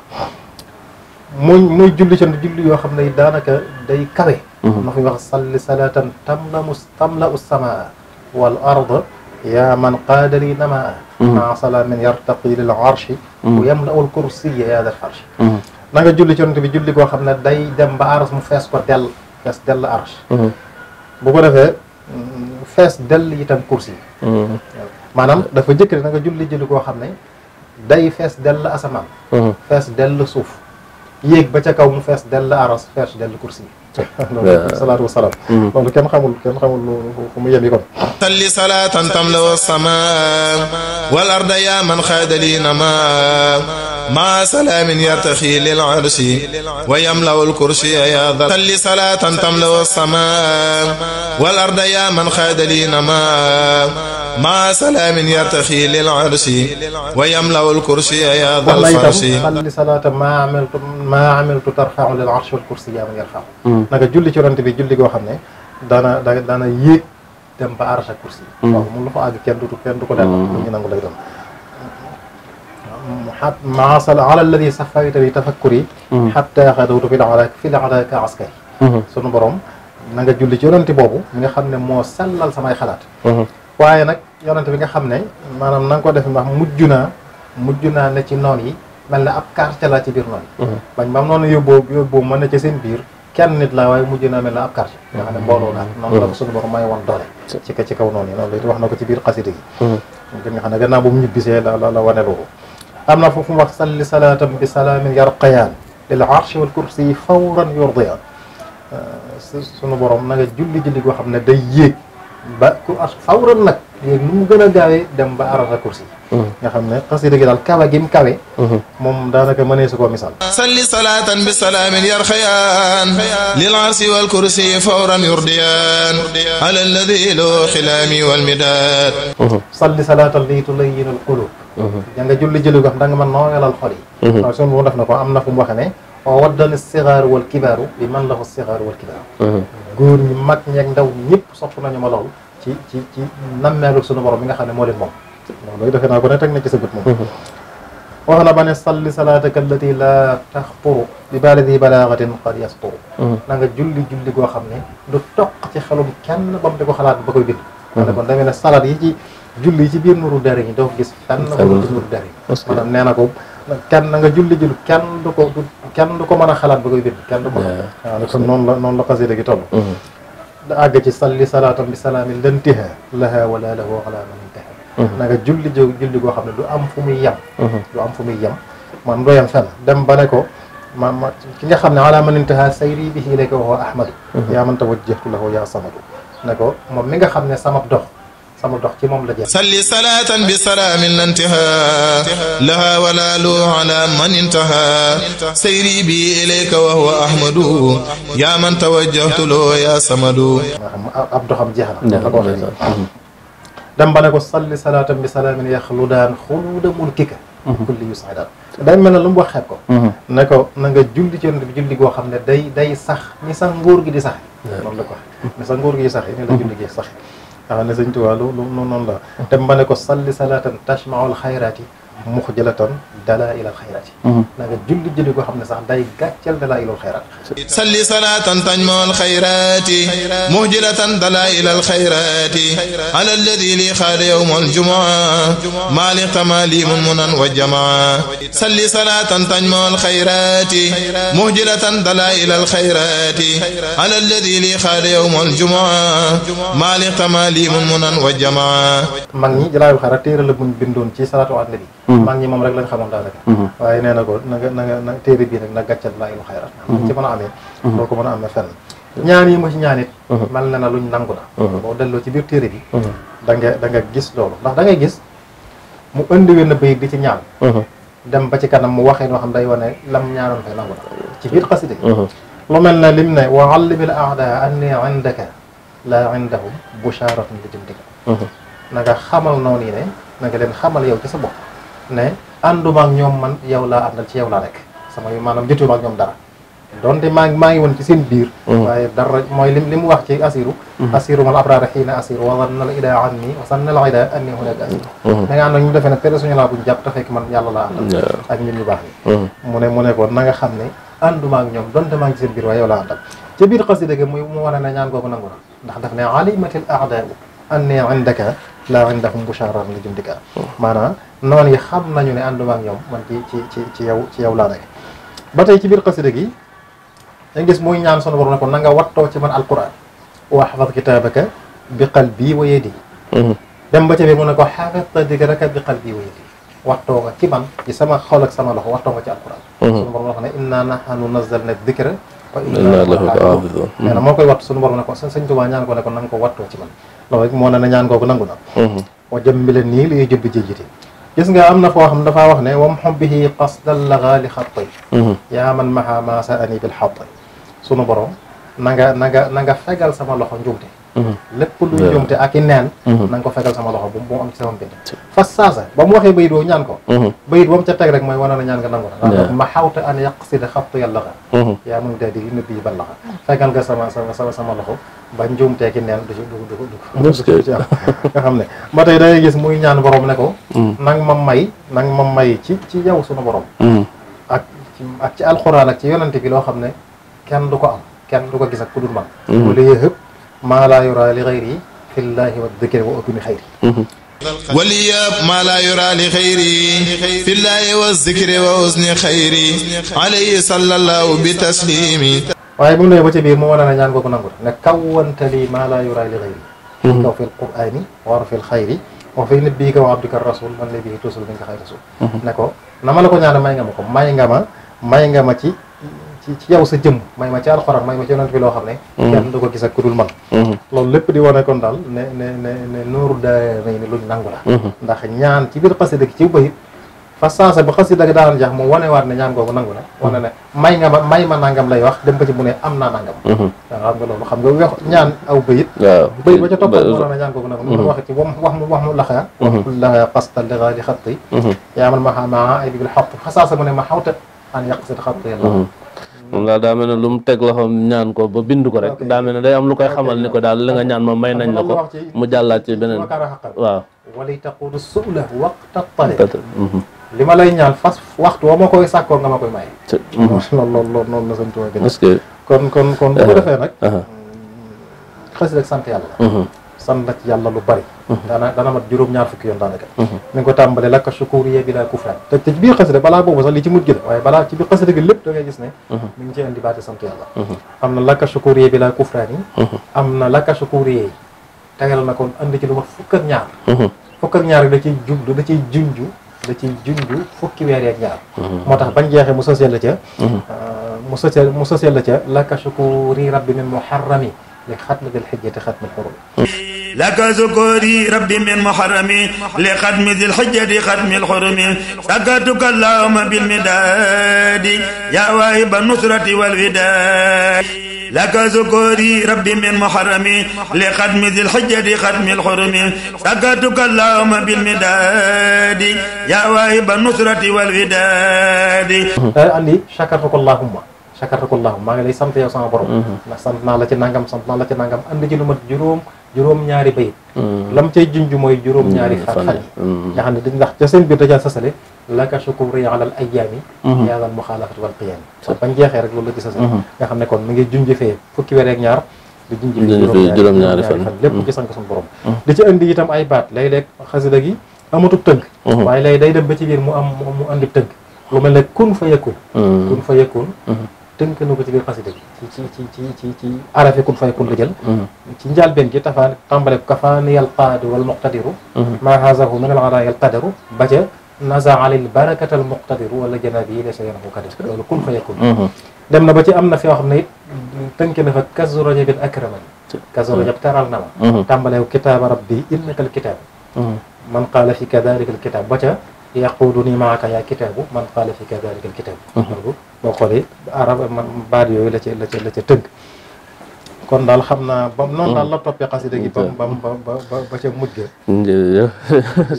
S3: مي مي جولي جون جولي جو خم نيدانا كده كاري اللهم اغفر صل صلاة تملا مستملا السماء والأرض يا من قاد لي نماء مع صلاة من يرتقي للعرش ويملأ الكرسي يا ذا الفرش نغا جولي تيونت بي جولي كو خامنا داي ديم با ارس مو فيس كو دل فيس دل ارش بوكو دافه فيس دل يتام كرسي مانام دا فا جيكري نغا جولي جيلو كو خامنا داي فيس دل اسمان فيس دل سوف ييك با تا كاو مو فيس دل ارس فيس دل كرسي salaatu صلاة تملأ kenn
S1: xamul يا من خاد mu yem مع سلام يرتخي للعرش ويملأ الكرسي يا ذا صل صلاة تملأ السماء والأرض يا من خاد لي نما مع سلام يرتخي للعرش ويملأ الكرسي يا ذا الفرش صل
S3: صلاة ما عملتم عملت ترفع للعرش والكرسي يا من انا جولي تي رنت بي جولي غو خامني دانا دانا ييك دم با عرش الكرسي مو لو فاجي كين دوتو كين دوكو دال ني نانغ لا دون ما صل على الذي صفاي تبي تفكري حتى غدو في العراق في العراق عسكري سونو بروم نغا جولي تي رنت بوبو مي خامني مو سلال سماي خلات واي نك يونت بيغا خامني مانام نانكو ديف ما مجونا مجونا لا تي mel na ab quartier la ci biir noonu mhm. bañ ba am noonu yóbboo yóbboo mën na ci seen biir kenn nit la waaye mujj na mel na ab quartier mhm. noonu la mhm. ko suñu borom woon doole ci kaw noonu yi noonu la wax na ko ci biir xasida gi nga xam ne ñibbisee la la wane loolu am na foofu salli salaatam bi salaamin yarqayaan lil arshi wal kursi fawran yurdiyaan euh, suñu borom na julli julli goo xam ne day yéeg ba ku as fawran nag léegi dem ba arasa kursi mm-hmm. nga xam ne xasida gi daal kawe gi mu kawe mm-hmm. moom daanaka mënee su ko misaal
S1: salli salaatan bi salaamin yarxayaan lil arsi wal kursi yurdiyaan ala alladi loo xilaami wal midaad mm-hmm.
S3: salli salaatan lii al qulub da nga julli julli goo xam da nga mën nooyalal xol yi waaw na ko am na fu mu وودا للصغار والكبار لمن له الصغار والكبار غور ني ماك نيك داو نييب سوتو نانيو ما لول تي تي تي نامالو سونو بوروم ميغا خاني مولين موم
S4: نعم، لوي دافي نا كون تك نتي سا بوت موم
S3: وخلا بان صلي صلاتك التي لا تخطر ببالغ بلاغه قد يسطر نغا جولي جولي غو خامني دو توك تي خلوم كين بام ديكو خلات باكاي بيت كون دامي نا صلات يي جولي سي بير نورو داري دو غيس تان نورو داري مانام نينا كو kenn nga julli ji kenn du ko kenn du ko mën a xalaat ba koy bind kenn du ko waaw ne kon noonu la noonu la xasida gi toll mm-hmm. da àgg ci salli salaatan bi salaamin lantiha laha wala lahu ala man intaha na nga julli ji julli goo xam ne du am fu muy yem mm-hmm. du am fu muy yem man doyam fenn dem ba ne ko ma ma ki nga xam ne ala man intaha sayri bihi ilayka wa huwa ahmadu mm-hmm. yaa man tawajjahtu lahu yaa samadu ne ko moom mi nga xam ne samab dox sama dox ci moom la jëm salli salaatan
S1: bi salaamin la intiha laha wa naalu ala man intaha sayri bi ilayka wa huwa ahmadu yaa man tawajjahtu loo yaa samadu ab doxam jeex na la ko
S4: waxee
S3: dem ba ne ko salli salaatan bi salaamin yaxludaan xuluda mulkika kulli yusaidaan day mel ne lu mu wax xeeb ko ne ko na nga julli ci yonent bi julli goo xam ne day day sax ni sax nguur gi di sax loolu la ko wax ni sax nguur gi di sax ni la julli gi sax ah ne sëñ Tuubaa loolu noonu la. te ma ne ko salli salaatan tajmaul xayraati muxjalatan دلائل الخيرات نغا جولي جولي كو خامني صاح داي غاتيال دلائل الخيرات صلي صلاه تنجم الخيرات
S1: مهجله دلائل الخيرات على الذي لي خال يوم الجمعه مالك مالي من وجمعه صلي صلاه تنجم الخيرات مهجله دلائل الخيرات على الذي لي خال يوم الجمعه مالك مالي من وجمعه ماغي دلائل الخيرات تيرا
S3: لا بون بندون سي صلاه النبي ماغي موم رك لا daanaka mm-hmm. waaye nee na o na nga na nga téere bii nag na gàccal laa ilu xayrat ci mm-hmm. mën a amee doo mm-hmm. ko mën a amee fenn ñaan yi mu ci ñaanit mel na na luñ nangu la boo delloo ci biir téere bi da da nga gis loolu ndax da ngay gis mu indiwee na bayit di ci ñaan dem ba ci kanam mu waxee noo xam day wane lam ñaanoon fay nangu la ci biir xasida lu mel ne lim ne wa allimil ahda anni indaka la indahum busharatun bi dimdika na nga xamal noonu yi ne na nga leen xamal yow ci sa bopp ne andu mak ñom man yow la andal ci yow la rek sama manam jittu mak ñom dara donte maa ngi ma ngi won ci seen biir mm. waye dara moy lim lim wax ci asiru mm. asiru mal abrara xiina asiru wa la ila anni wa sanna la ila anni ni hunaka asiru mm. da nga ñu defee nag suñu la bu japp te fekk man yalla la andal ak ñun ñu bax ni mu ne mu ne ko na nga xam andu mak ñom ñoom donte maa ngi ci seen biir waaye yow la andal ci biir qasida ge moy mu wane ne ñaan googu nangu ndax daf ne alimatil aadaau anni indaka la indahum bushara min jindika maanaam noonu yi xam nañu ne ànduma ak ñoom man ci ci ci ci yow ci yow laa nekk ba tey ci biir xasida gi dañ gis muy ñaan sunu borom ne ko na nga wattoo ci man alquran wa xafad wa yadi mhm. dem ba ca biir ko wa yadi wattoo nga ci man ci sama xol ak sama loxo wattoo nga ci alquran
S4: mhm.
S2: sunu
S3: borom wax ne inna nahnu nazzalna dikra wa inna lahu laafizuun mhm. na moo ko sëñ Tuubaa ñaan ko ne ko na nga ne ñaan googu nangu na wa jëmbi la nii liy jëbbi jëjjiti gis nga am na foo xam dafaa wax ne wam xobbihi qasdal laga li xatti mhm. yaa man maha maasa ani bil xatti sunu borom na nga na nga na nga fegal sama loxo njuumte Mm-hmm. lépp luy jumte ak i neen mm-hmm. na ko fekkal sama loxo bu mu am ci sama mbind fa saasa ba mu waxee bayit woowu ñaan ko mm-hmm. bayit ba mu ca teg rek mooy wane na ñaan nga nangu na ma xawta an yaqsida xattu yàlla xa yaa mun daa di nabi ballaxa fekkal nga sama sama sama sama loxo xam ne ba tey dangay gis muy ñaan borom ne ko mm. nang ma may nang ma may ci ci yow sunu borom mm. ak ak ci alxuraan ak ci yonante bi loo xam ne kenn du ko am kenn du ko gis ak ku dul man wala yëpp ما لا يرى لغيري في الله والذكر وأكون خيري ولياب
S1: ما لا يرى لخيري في الله والذكر وأزن خيري
S3: عليه صلى الله بتسليمي waaye bu mu nee ba ca biir mu wane na ñaan googu nangul ne kawwantali maa laa yuraa li xayri kaw fil qur'ani wa fil xayri wa fi nabiika wa abdika rasul man la bii tusul bi nga xay rasul ne ko na ma la ko ñaan may nga ma ko may nga ma may nga ma ci ci ci yow sa jëm may ma ci alxuraan may ma ci nante bi lo xamne ne mm-hmm. kenn ko gis ak kudul man mm-hmm. loolu lepp di woné kon dal né né né né nuru nooru may ni luñu nangula mm-hmm. ndax ñaan ci bir xasida gi ci bayit fa sansa bi xasida gi daan jax mo woné war né ñaan googu nangula woné né may nga may ma nangam lay wax dem ba ci mu ne am naa nangam waaw xam nga loolu xam nga wex ñaan aw bayit bay ba ca top ko na ñaan googu nangu nu wax ci wax mu wax mu la xaa laxaa qasta li ghali khatti yaa man ma maa ay bil haqq khasaasa mo né ma hawta an yaqsid xatti yàlla
S2: moom daal daa mel ne lu mu teg loxoom ñaan ko ba bind ko rek daa mel ne day am lu koy xamal ni ko daal li nga ñaan ma may nañ la ko mu jàllaat ci beneen waaw
S3: wali taqulu suula waqta talab mhm. li ma lay ñaan fas waxtu wa ma koy sàkkoo nga ma koy may mhm. lool lool lool noonu la santuwa gën kon kon kon bu ko ah. defee nag ah. xës rek sant yàlla mhm. sant na ci yàlla lu bari daana dana mat juróom-ñaar fukki yoon daanaka mi ngi ko tàmbale lakka sukuriya bi la kufran te ci biir xasida balaa boobu sax li ci mujj la waaye balaa ci biir xasida gi lépp da ngay gis ne mi ngi ci indi baati sant yàlla am na lakka sukuriya bi la kufran yi am na lakka sukuriya yi tegal na kon andi ci lu mat fukk ak ñaar fukk ak ñaar da ciy jublu da ciy junju da ciy junju fukki weer ak ñaar moo tax bañ jeexee mu soseel la ca mu soseel mu soseel la ca lakka sukuri rabbi min muharrami li xatma bil xijjati xatma
S4: xurum
S3: لك ذكوري ربي من محرمي لختم
S1: ذي الحجة ختم الحرم سكتك اللهم بالمداد يا واهب النصرة والوداد لك ذكوري ربي من محرمي لختم ذي الحجة ختم الحرم سكتك اللهم
S3: بالمداد يا واهب النصرة والوداد
S1: علي
S4: أه،
S3: شكرك اللهم شكرك اللهم ما لي سنت يا yow sama borom ndax sant naa la ci nangam sant naa la juróom-ñaari bay
S4: hmm.
S2: lam cay
S3: junj mooy juróom-ñaari hmm, fan hmm. nga xam ne dañ ndax ca seen biir dajaa sasale laka shukri alal ayyaami yaalal muxaalafati wal qiyaami kon bañ jeexee rek loolu la ci sasale nga xam ne kon mi ngi junj fee fukki weer ak ñaar di junj fee juróom-ñaari fan lépp ci sank suñu borom di ci indi itam ay baat léeg-léeg xasida gi amatul tënk waaye léegi day dem ba ci biir mu am mu andi tënk lu mel ne kun fa yakun kun fa yakun tënk na ko ci biir xasida bi ci ci ci ci ci arafikun faykun la jël ci njàlbeen gi tafaan tàmbale ko kafaan yal qaadi wal muqtadiru maa hazahu min al ada yal qadaru ba ca naza alil barakata al muqtadiru wala janabi yi lasa yanahu kadir loolu kun faykun dem na ba ci am na fi yoo xam ne it tënk na fa kazu rajabin akramani kazu rajab teral na ma tàmbale ko kitaaba rabbi innaka al kitaab man qaala fi kadalika al kitaab ba ca yaquuduni maaka yaa kitaabu man qaala fi kadalika al kitaab boo xoolee arab baat yooyu la ca la la ca tëgg kon daal xam naa bam noonu daal la toppee xasida gi ba ba ca mujj
S2: jërëjëf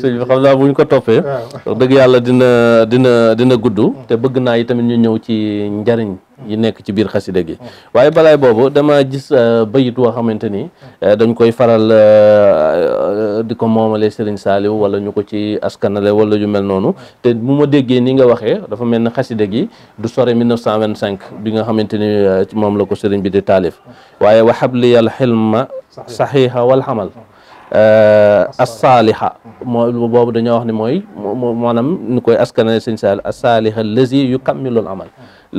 S2: xam naa bu ñu ko toppee wax dëgg yàlla dina dina dina gudd te bëgg naa yi tamit ñu ñëw ci njariñ yi nekk ci biir xasida gi waaye balaay boobu dama gis euh, bayit woo xamante ni euh, dañ koy faral euh, di ko moomale Serigne saali wala ñu ko ci askanale wala yu mel noonu te bu ma déggee ni nga waxee dafa mel ne xasida gi du sore 1925 bi nga xamante ni ci moom la ko Serigne bi di taalif waaye wax waxabli al xilma saxiixa wal xamal assaaliha moo boobu dañoo wax ne mooy maanaam ñu koy askanale Serigne Saliou assaaliha lazi yukammilul amal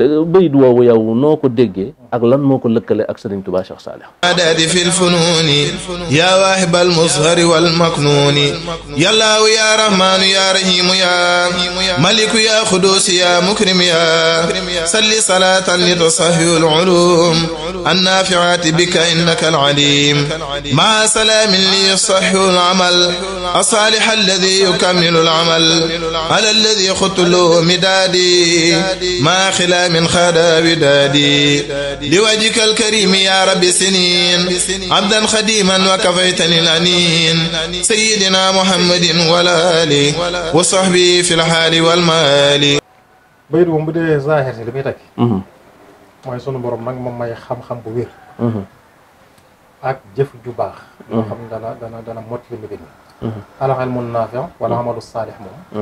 S2: بيد واو نوكو ديغي اك لان موكو لكل اك سيرن توبا شيخ صالح
S1: عدادي في الفنون يا واهب المصغر والمكنون يا الله يا رحمن يا رحيم يا ملك يا قدوس يا مكرم يا صلي صلاه لتصحي العلوم النافعات بك انك العليم مع سلام ليصحي العمل الصالح الذي يكمل العمل على الذي خط له مدادي ما خلال من خدا دادي لوجهك الكريم يا رب سنين عبدا خديما وكفيتني الأنين سيدنا محمد والآلي
S3: وصحبي في الحال والمال بيد ومبدا ظاهر سلمي تك ما يسون برم مغ مم ماي خام خام بو وير اك جيف جو باخ خام دانا دانا دانا موت لي مبين على علم النافع والعمل الصالح مو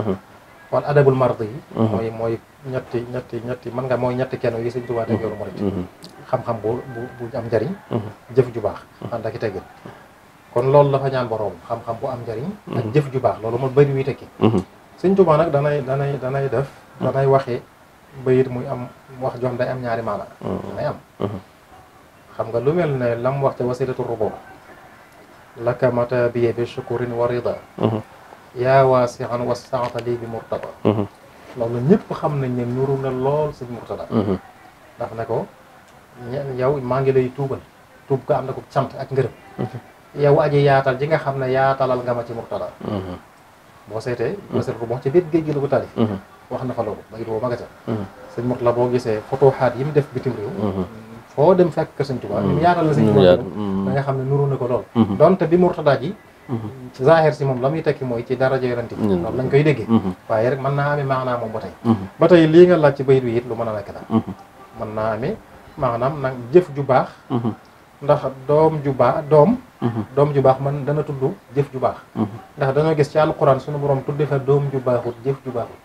S3: والادب المرضي موي موي ñetti ñetti ñetti man nga moy ñetti kenn yi seigne touba teg yoonu murit mhm. xam-xam bu bu am jariñ mhm. jëf ju baax and ak teggin kon loolu la fa ñaan borom xam-xam bu am jariñ ak mhm. jëf ju baax loolu mo bari wi tekki sëñ danay danay danay def danay waxe bayit muy am wax joom day am ñaari mala danay am xam nga lu mel ne lam wax ci wasilatu rubu laka mata biye bi shukurin warida, rida ya wasi'an waasian wasaata bi murtaba loolu ñëpp xam ne ne nuru na lool sëñ Murtada mhm. ndax ne ko yow maa ngi lay tuubal tuub ko am na ko sant ak ngërëm mhm. yow aji yaatal ji nga xam ne yaatalal nga ma ci Murtada mhm. boo seetee masal ko wax ci biir géej gi la ko tari wax na fa loolu bayit woo ma nga ca sëñ Murtada boo gisee fotoxaat yi mu def bitim réew foo dem fekk sëñ Tuubaa ni mu yaatal
S2: la sëñ Tuubaa da nga
S3: xam ne nuru na ko lool donte bi Murtada ji Mm-hmm. zaahir si moom la muy tekki mooy ci daraja yonent bi mm-hmm. loolu lañ koy déggee mm-hmm. waaye rek mën naa amee maanaam moom ba tey ba tey lii nga laaj ci bayit wi it lu mën a nekk mën naa amee maanaam nag jëf ju baax ndax doom ju baax doom doom ju baax man dana tudd jëf ju baax ndax dañoo gis ci alquran suñu borom tudde fa doom ju baaxut jëf ju baaxut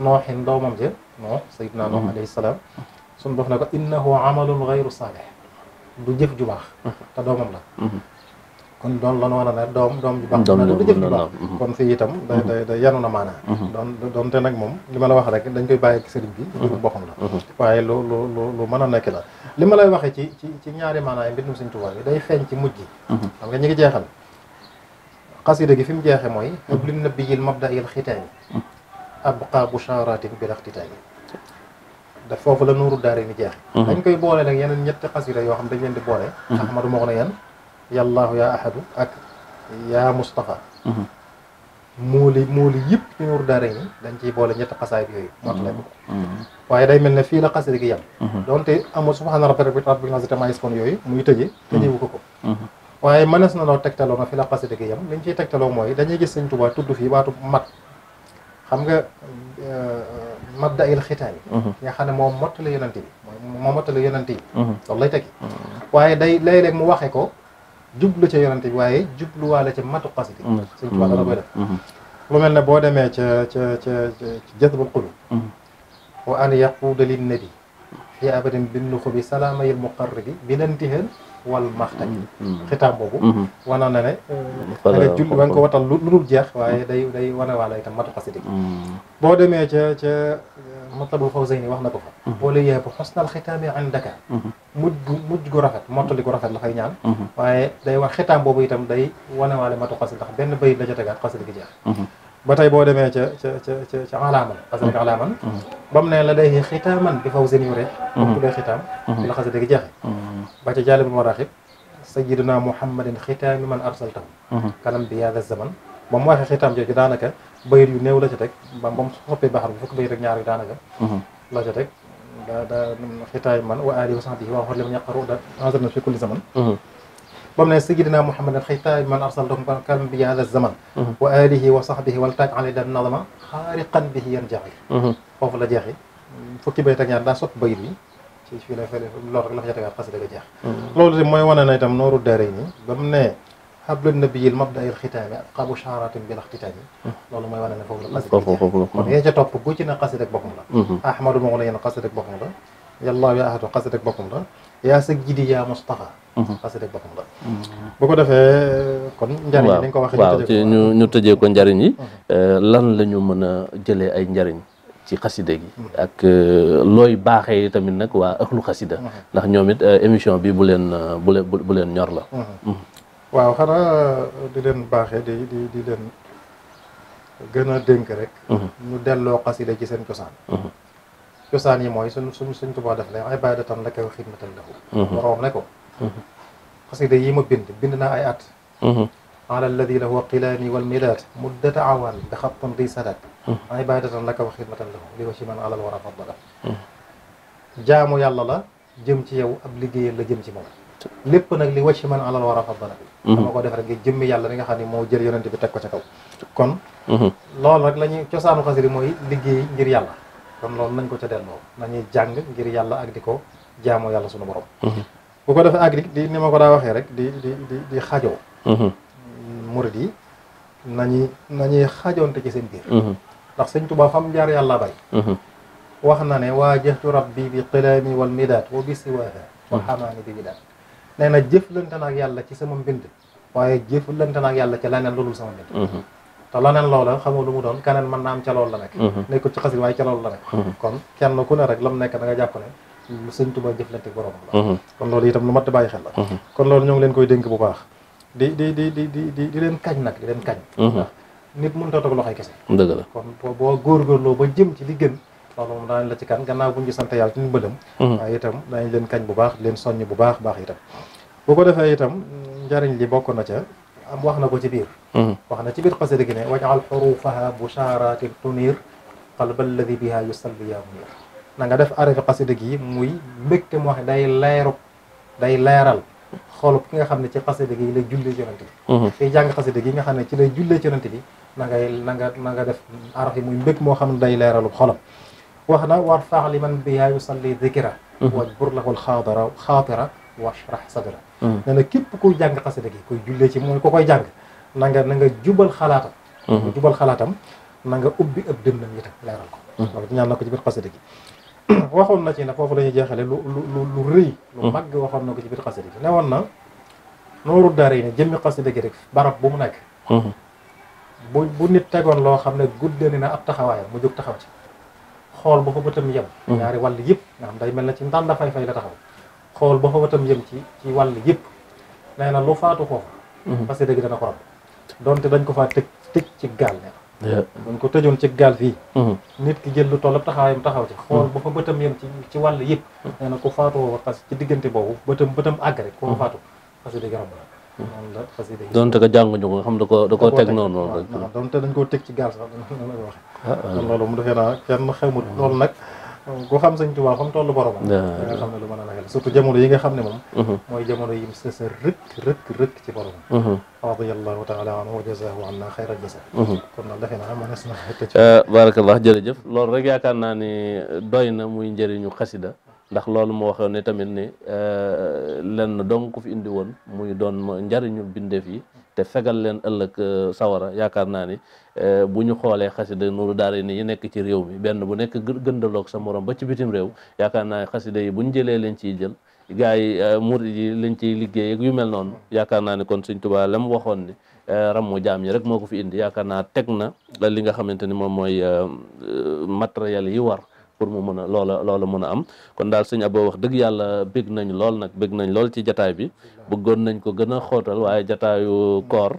S3: nooxin doomam ja noox sayidna noox alayhi salaam suñu bof ne ko innahu amalun gayru saalih du jëf ju baax te doomam la kon doon la war a ne doom doom ju baax doon du jëf ju baax kon fii itam day mhm. day day na maanaa mhm. doon doonte nag moom li ma la wax rek dañ koy bàyyi ak sëriñ bi mbirum boppam la mhm. waaye lu lu lu lu mën a nekk la li ma lay waxee ci ci ci ñaari maanaay mbindum Sëriñ Tuubaa bi day feeñ ci mujj xam nga ñu ngi jeexal xasida gi fi mu jeexee mooy ablin nabiyil mabda'il xitaani abqa bushaaratin bi raxtitaani da foofu la nuuru daari mi jeexe dañ koy boole nag yeneen ñetti xasida yoo xam dañ leen di boole axmadu moo na yan yàllaahu yaa ahadu ak yaa Moustapha. Mhm. muuli muuli yëpp ñu nuuru dañ ciy boole ñetti xasaayit yooyu mootale ko mhm. waaye day mel ne fii la xasida gi yam mhm. donte amul subhaana rabbika rabbil izzati yooyu muy tëje tëjewu ko ko waaye na noo tegtaloo na fii la xasida gi yam liñ ciy tegtaloo mooy dañuy gis Sëñ Tuubaa tudd fii baatu mat xam nga euh, mabda il xitaan yi nga xam ne moom mottali yonante bi moom mottali yonante yi loolu lay tekki waaye day léeg-léeg mu waxe ko jublu ca yonante bi waaye jubluwaale ca matu xasidi
S4: mm-hmm. suñ tubaab dana koy def lu mm-hmm.
S3: mel ne boo demee ca ca ca jazbul qulub mm-hmm. wa an yaquuda linnabi fii abadin binnuxubi salaamayil muqarrabi binantihal wal maxtaj xitaam boobu wanaa na ne ane jul wa nga watal lu dul jeex waaye day day waale itam matu xasidi boo demee ca مطلب الفوزين واخنا كو بوليه بو حسن الختام عندك مج مج كو رافات موتلي كو رافات لا خاي نيان واي داي واخ ختام بوبو يتام داي وانا والي ما تقاس تخ بن بي لا جاتا خاص لي جيخ با تاي بو ديمي تي تي تي تي علاما خاص لي علاما بام ني لا داي ختاما بفوزين يوري بو داي ختام لا خاص لي جيخ با تي جالب مراخيب سيدنا محمد ختام من ارسلته كلام بهذا الزمن moom waxe xitam xiitam danaka daanaka yu néew la ci tek bam bam soppé bahar bi fukki bayit ak ñaar danaka hmm la ci tek da da xitay man wa ali wa sahbi wa xorli lim yaqaru da hazar na fi kulli zaman hmm bam ne sayidina muhammadan xitaay man arsaltakum kalam bi hada zaman wa alihi wa sahbihi wal taq alay dan nadama khariqan bihi yarja hmm fofu la jexi fukki bayit ak ñaar da sopp bayit yi ci fi la fële lor la fa ca tegaat da ga jex lolu moy wonane wane na itam nooru daare ni bam ne قبل النبي المبدا الختامي ابقى بشاره بلا اختتام لولا ما يوانا فوق القصيده يجي توب بوتي انا قصدك بكم لا احمد المغني انا قصدك بكم لا يا الله يا احد قصدك بكم لا يا سيدي يا مصطفى قصدك بكم لا بوكو دافا كون نجاري نين كو واخا
S2: نيو نيو تجي كو نجاري ني أه، لان لا نيو مانا جيلي اي نجاري ني ci qasida gi ak loy baxé tamit nak wa akhlu qasida ndax ñomit émission bi bu len bu len ñor la
S3: waaw xanaa euh, di leen baaxee di di di leen gën a dénk rek. Mhm. ñu delloo xasida ci seen cosaan. Mhm. cosaan yi mooy suñ suñ suñ Tuubaa def la ibaadatan laka wa xidmatan lahu. Mhm. boroom ne ko. xasida yi ma bind bind naa ay at. ala alladi lahu qilaani wal midaad muddata awaan bi xattan di sadaat. ibaadatan laka wa xidmatan lahu li wa si man alal war a faddala jaamu yàlla la jëm ci yow ab liggéeyal la jëm ci moom. lepp nak li wacc man alal war a mhm. dama ko def rek ngir jëmmi yàlla nga xani mo jël yonent bi tek ko ci kaw kon mhm. lool rek la ciosanu cosaanu moy liggey ngir yalla kon lool nañ ko ca delloo nañuy jang ngir yalla ak di ko yalla sunu borom mhm. bu ko def ak di di ni ko da waxe rek di di di di xajoo murid yi nañuy nañuy ci seen biir ndax seigne touba fam jaar yalla bay waxna ne wajhtu rabbi bi qilami wal midat wa bi siwaha wa hamani bi midat nee na jëflante na ak yàlla ci sama mbind waaye jëflante na ak yàlla ci leneen loolu sama mbind mhm. te leneen loola xamoo lu mu doon keneen mën na am ca loolu la nekk mhm. nekkul ci xasida waaye ca loolu la nekk mhm. kon kenn ku ne rek la mu nekk da nga jàpp ne sëñ Tuubaa jëflante borom lu mat a bàyyi xel la kon loolu ñoo ngi leen koy dénk bu baax di di di di di di leen kañ nag di leen kañ nit mënut a toog loxoy kese dëgg la kon boo góorgóorloo ba jëm ci li gën loolu moom la ci kan gannaaw bu ñu sant yàlla ci ndimbalam mhm. waaye itam daañu leen kañ bu baax leen soññ bu baax baax itam bu ko defee itam njariñ li bokk na ca am wax na ko ci biir mhm. wax na ci biir xasida gi ne wajal xurufaha bushaaratin tunir qalba alladi biha yusalli ya munir na nga def arafi xasida gi muy mbégte mu wax day leeru day leeral xoolub ki nga xam ne ci xasida gi lay jullee ci yonante bi fii mhm. jàng xasida gi nga xam def araf yi muy mbég moo xam day leeralub xolam وهنا وارفع لمن بها يصلي ذكره واجبر له الخاطره خاطره واشرح صدره لان كيب كوي جانغ قصيده كي كوي جولي سي موي كوكاي جانغ نانغا نانغا جوبال خلاطه جوبال خلاطم نانغا اوبي اب دمنم يتا ليرال كو لو نيان نكو جيبال قصيده كي واخون ناتي نا فوفو لا ني جيهالي لو لو لو ري لو ماغ واخون نكو جيبال قصيده كي نيوان نا نورو داري ني جيمي قصيده كي ريك بارك بومو ناك بو نيت تيغون لو خامني غودني نا اب تخاوايا مو جوك تخاوتي xool ba fa bëtam yem mm-hmm. ñaari wàll yëpp nga xam day mel na ci ndànda fay-fay la taxaw xool ba fa bëtam yem ci ci wàll yëpp nee na lu faatu foofu parce que dëgg dana ko rab dañ ko faa tëj tëj ci gaal ne buñ ko tëjoon ci gaal fii mm-hmm. nit ki taxaw ci xool mm-hmm. ba fa bëtam wàll yëpp nee na ku faatu foofu parce ci diggante boobu bëtam bëtam àgg rek ku faatu parce que ko
S2: jànguñu ko nga xam da ko da koo teg noonu rek
S3: loolu mu defee naa kenn xamul loolu nag ku xam sëñ Tuubaa fa mu toll borom da nga xam ne lu mën a xel surtout jamono yi nga xam ne moom mooy jamono yim sa sa rëkk rëkk rëkk ci borom radiyallahu taala anhu wa jazaahu anna xayra jazaa kon nag defe naa
S2: mënees na tëj barakallah jërëjëf loolu rek yaakaar naa ni doy na muy njëriñu xasida ndax loolu moo waxoon ne tamit ni lenn dong ku fi indi woon muy doon njariñul bindeef yi te fegal leen ëllëg euh, sawara yaakaar naa ni euh, bu ñu xoolee xasida Nuuru Daarayni yi nekk ci réew mi benn bu nekk gëndaloog sa morom ba ci bitim réew yaakaar naa xasida yi bu ñu jëlee leen ciy jël gars yi euh, murid yi lañ ciy liggéey yu mel noonu yaakaar naa ni kon Sëñ Tuubaa la mu waxoon ni rammu jaam yi rek moo ko fi indi yaakaar naa teg na li nga xamante ni moom mooy matériel yi war pour mu mën a loola loola mën a am kon daal sëñ Abo wax dëgg yàlla bég nañ lool nag bég nañ lool ci jataay bi bëggoon nañ ko gën a xóotal waaye jataayu koor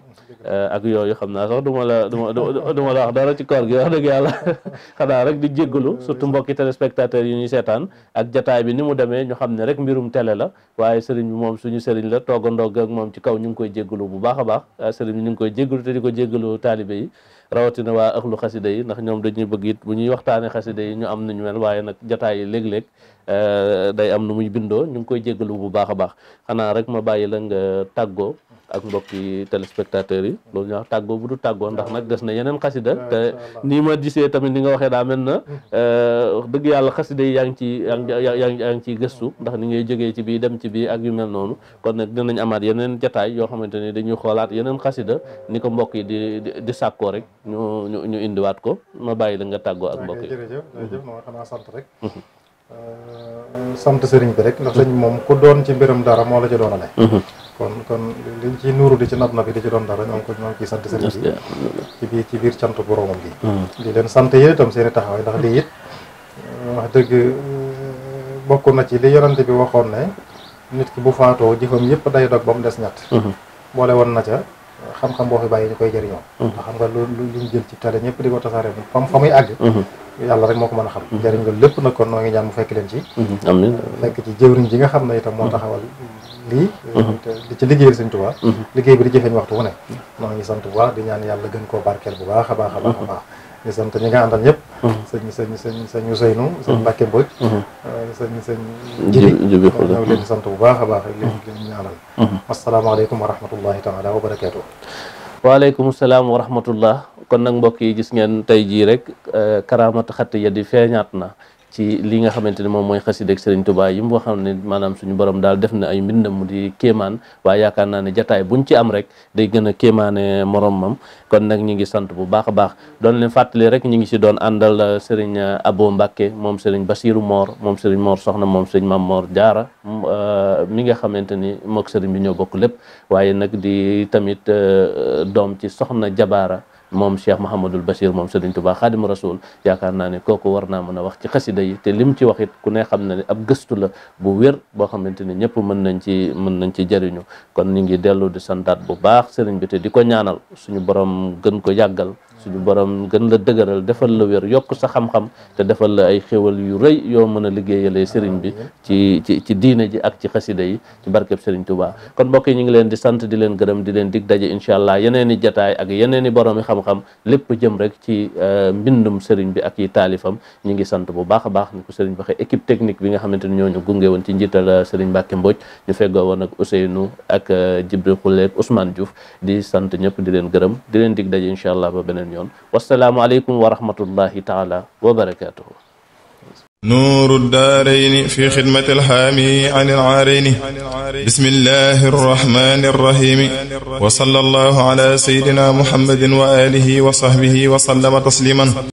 S2: eh, ak yooyu xam naa sax duma la du ma du ma la wax dara ci koor gi wax dëgg yàlla xanaa rek di jéggalu surtout mbokki tele téléspectateurs yi ñuy seetaan ak jataay bi ni mu demee ñu xam ne rek mbirum télé la waaye sëriñ bi moom suñu sëriñ la toggandoog ak moom ci kaw ñu ngi koy jéggalu bu baax a baax eh, sëriñ bi ñu ngi koy jéggalu te di ko jéggalu taalibe yi rawatina waa lu xasida yi ndax ñoom dañuy bëgg it bu ñuy waxtaanee xasida yi ñu am nañu mel waaye nag jataay yi léeg Euh, day am nu muy bindoo ñu ngi koy jégalu bu baax a baax xanaa rek ma bàyyi la nga tàggoo ak mbokki téléspectateurs yi loolu ñu wax tàggoo bu du tàggoo ndax nag des na yeneen xasida te nii ma disee tamit ni nga waxee daa mel na euh, wax dëgg yàlla xasida yi yaa ngi ci yaa ngi ciy gëstu ndax ni ngay jógee ci bii dem ci bii ak yu mel noonu kon nag dinañ amaat yeneen jataay yoo xamante ni dañuy xoolaat yeneen xasida ni ko mbokk yi di di sàkkoo rek ñu ñu indiwaat ko ma bàyyi la nga tàggoo ak mbokk
S3: sant sëriñ bi rek ndax sëñ moom ku doon ci mbiram dara moo la ci doonale mhm. kon kon liñ ci nuuru di ci nab na bi di ci doon dara ñoo ngi ko ñoo ngi ciy sant sëriñ bi ci biir ci biir cant boromam gi mhm. di leen sant yéen itam seen i ndax lii it wax dëgg bokk na ci li yonante bi waxoon ne nit ki bu faatoo jëfam yëpp day dog ba mu des ñett mhm. boole woon na ca xam-xam boo fi bàyyi ñu koy jëriñoo ndax xam nga lu luñ jël ci tale ñëpp di ko tasaare fa muy àgg yàlla rek moo ko mën a xam mhm. jëriñ loolu lépp nag kon noo ngi ñaan mu fekk leen ci
S2: mhm. amiin fekk ci jëwriñ
S3: ji nga xam ne itam moo mhm. taxawal lii di ci liggéeyal Sëñ Tuubaa liggéey bi di jëfeñ waxtu wu ne noo ngi sant bu baax di ñaan yàlla gën koo barkeel bu baax a baax a baax a baax ñu sant ñi nga àndal ñëpp sëñ sëñ sëñ sëñ Ousseynou sëñ Mbacke Mbodj euh, sëñ leen di sant bu baax a baax leen leen ñaanal asalaamaaleykum wa rahmatullahi taala wa barakaatu
S2: waaleykum salaam kon nak mbokk yi gis ngeen tay ji rek eh, karaamatu ya di feñat na ci li nga xamanteni mom moy mooy ak serigne touba yi mu xamne manam suñu borom dal def na ay mbindam mu di kéemaan wa yaakaar ne jotaay buñ ci am rek day gëna a morom mam kon nak ñi ngi sant bu baax baax doon leen fatali rek ñi ngi si doon andal eh, serigne Abo Mbàkke mom serigne Basiru mor mom serigne mor Soxna mom serigne Mam mor Jaara mm, eh, mi nga xamanteni ni serigne bi ñoo bokk lepp waye nak di tamit dom ci Soxna Jabaara moom Cheikh Mahamadul Bachir moom Sëriñ Tuubaa Xaadimu Rasuul yaakaar naa ne kooku war naa mën a wax ci xasida yi te lim ci wax it ku ne xam ne ab gëstu la bu wér boo xamante ne ñëpp mën nañ ci mën nañ ci jëriñu kon ñu ngi dellu di santaat bu baax sëriñ bi te di ko ñaanal suñu borom gën ko yàggal suñu borom gën la dëgëral defal la wér yokk sa xam-xam te defal la ay xéwal yu rëy yoo mën a liggéeyalee sëriñ bi ci ci ci diine ji ak ci xasida yi ci barkeb sëriñ Touba kon mbokk yi ñu ngi leen di sant di leen gërëm di leen dig daje incha allah yeneen i jataay ak yeneen i boromi xam-xam lépp jëm rek ci euh, mbindum sëriñ bi ak yi taalifam ñu ngi sant bu baax a baax ni ko sëriñ waxee équipe technique bi nga xamante ni ñooñu gunge woon ci njiital euh, sëriñ Mbacke Mbodj ñu feggoo woon ak Ousseynou ak euh, Jibril Khoule ak Ousmane Diouf di sant ñëpp di leen gërëm di leen allah ba beneen يون والسلام عليكم ورحمة الله تعالى وبركاته
S1: نور الدارين في خدمة الحامي عن العارين بسم الله الرحمن الرحيم
S4: وصلى الله على سيدنا محمد وآله وصحبه وسلم تسليما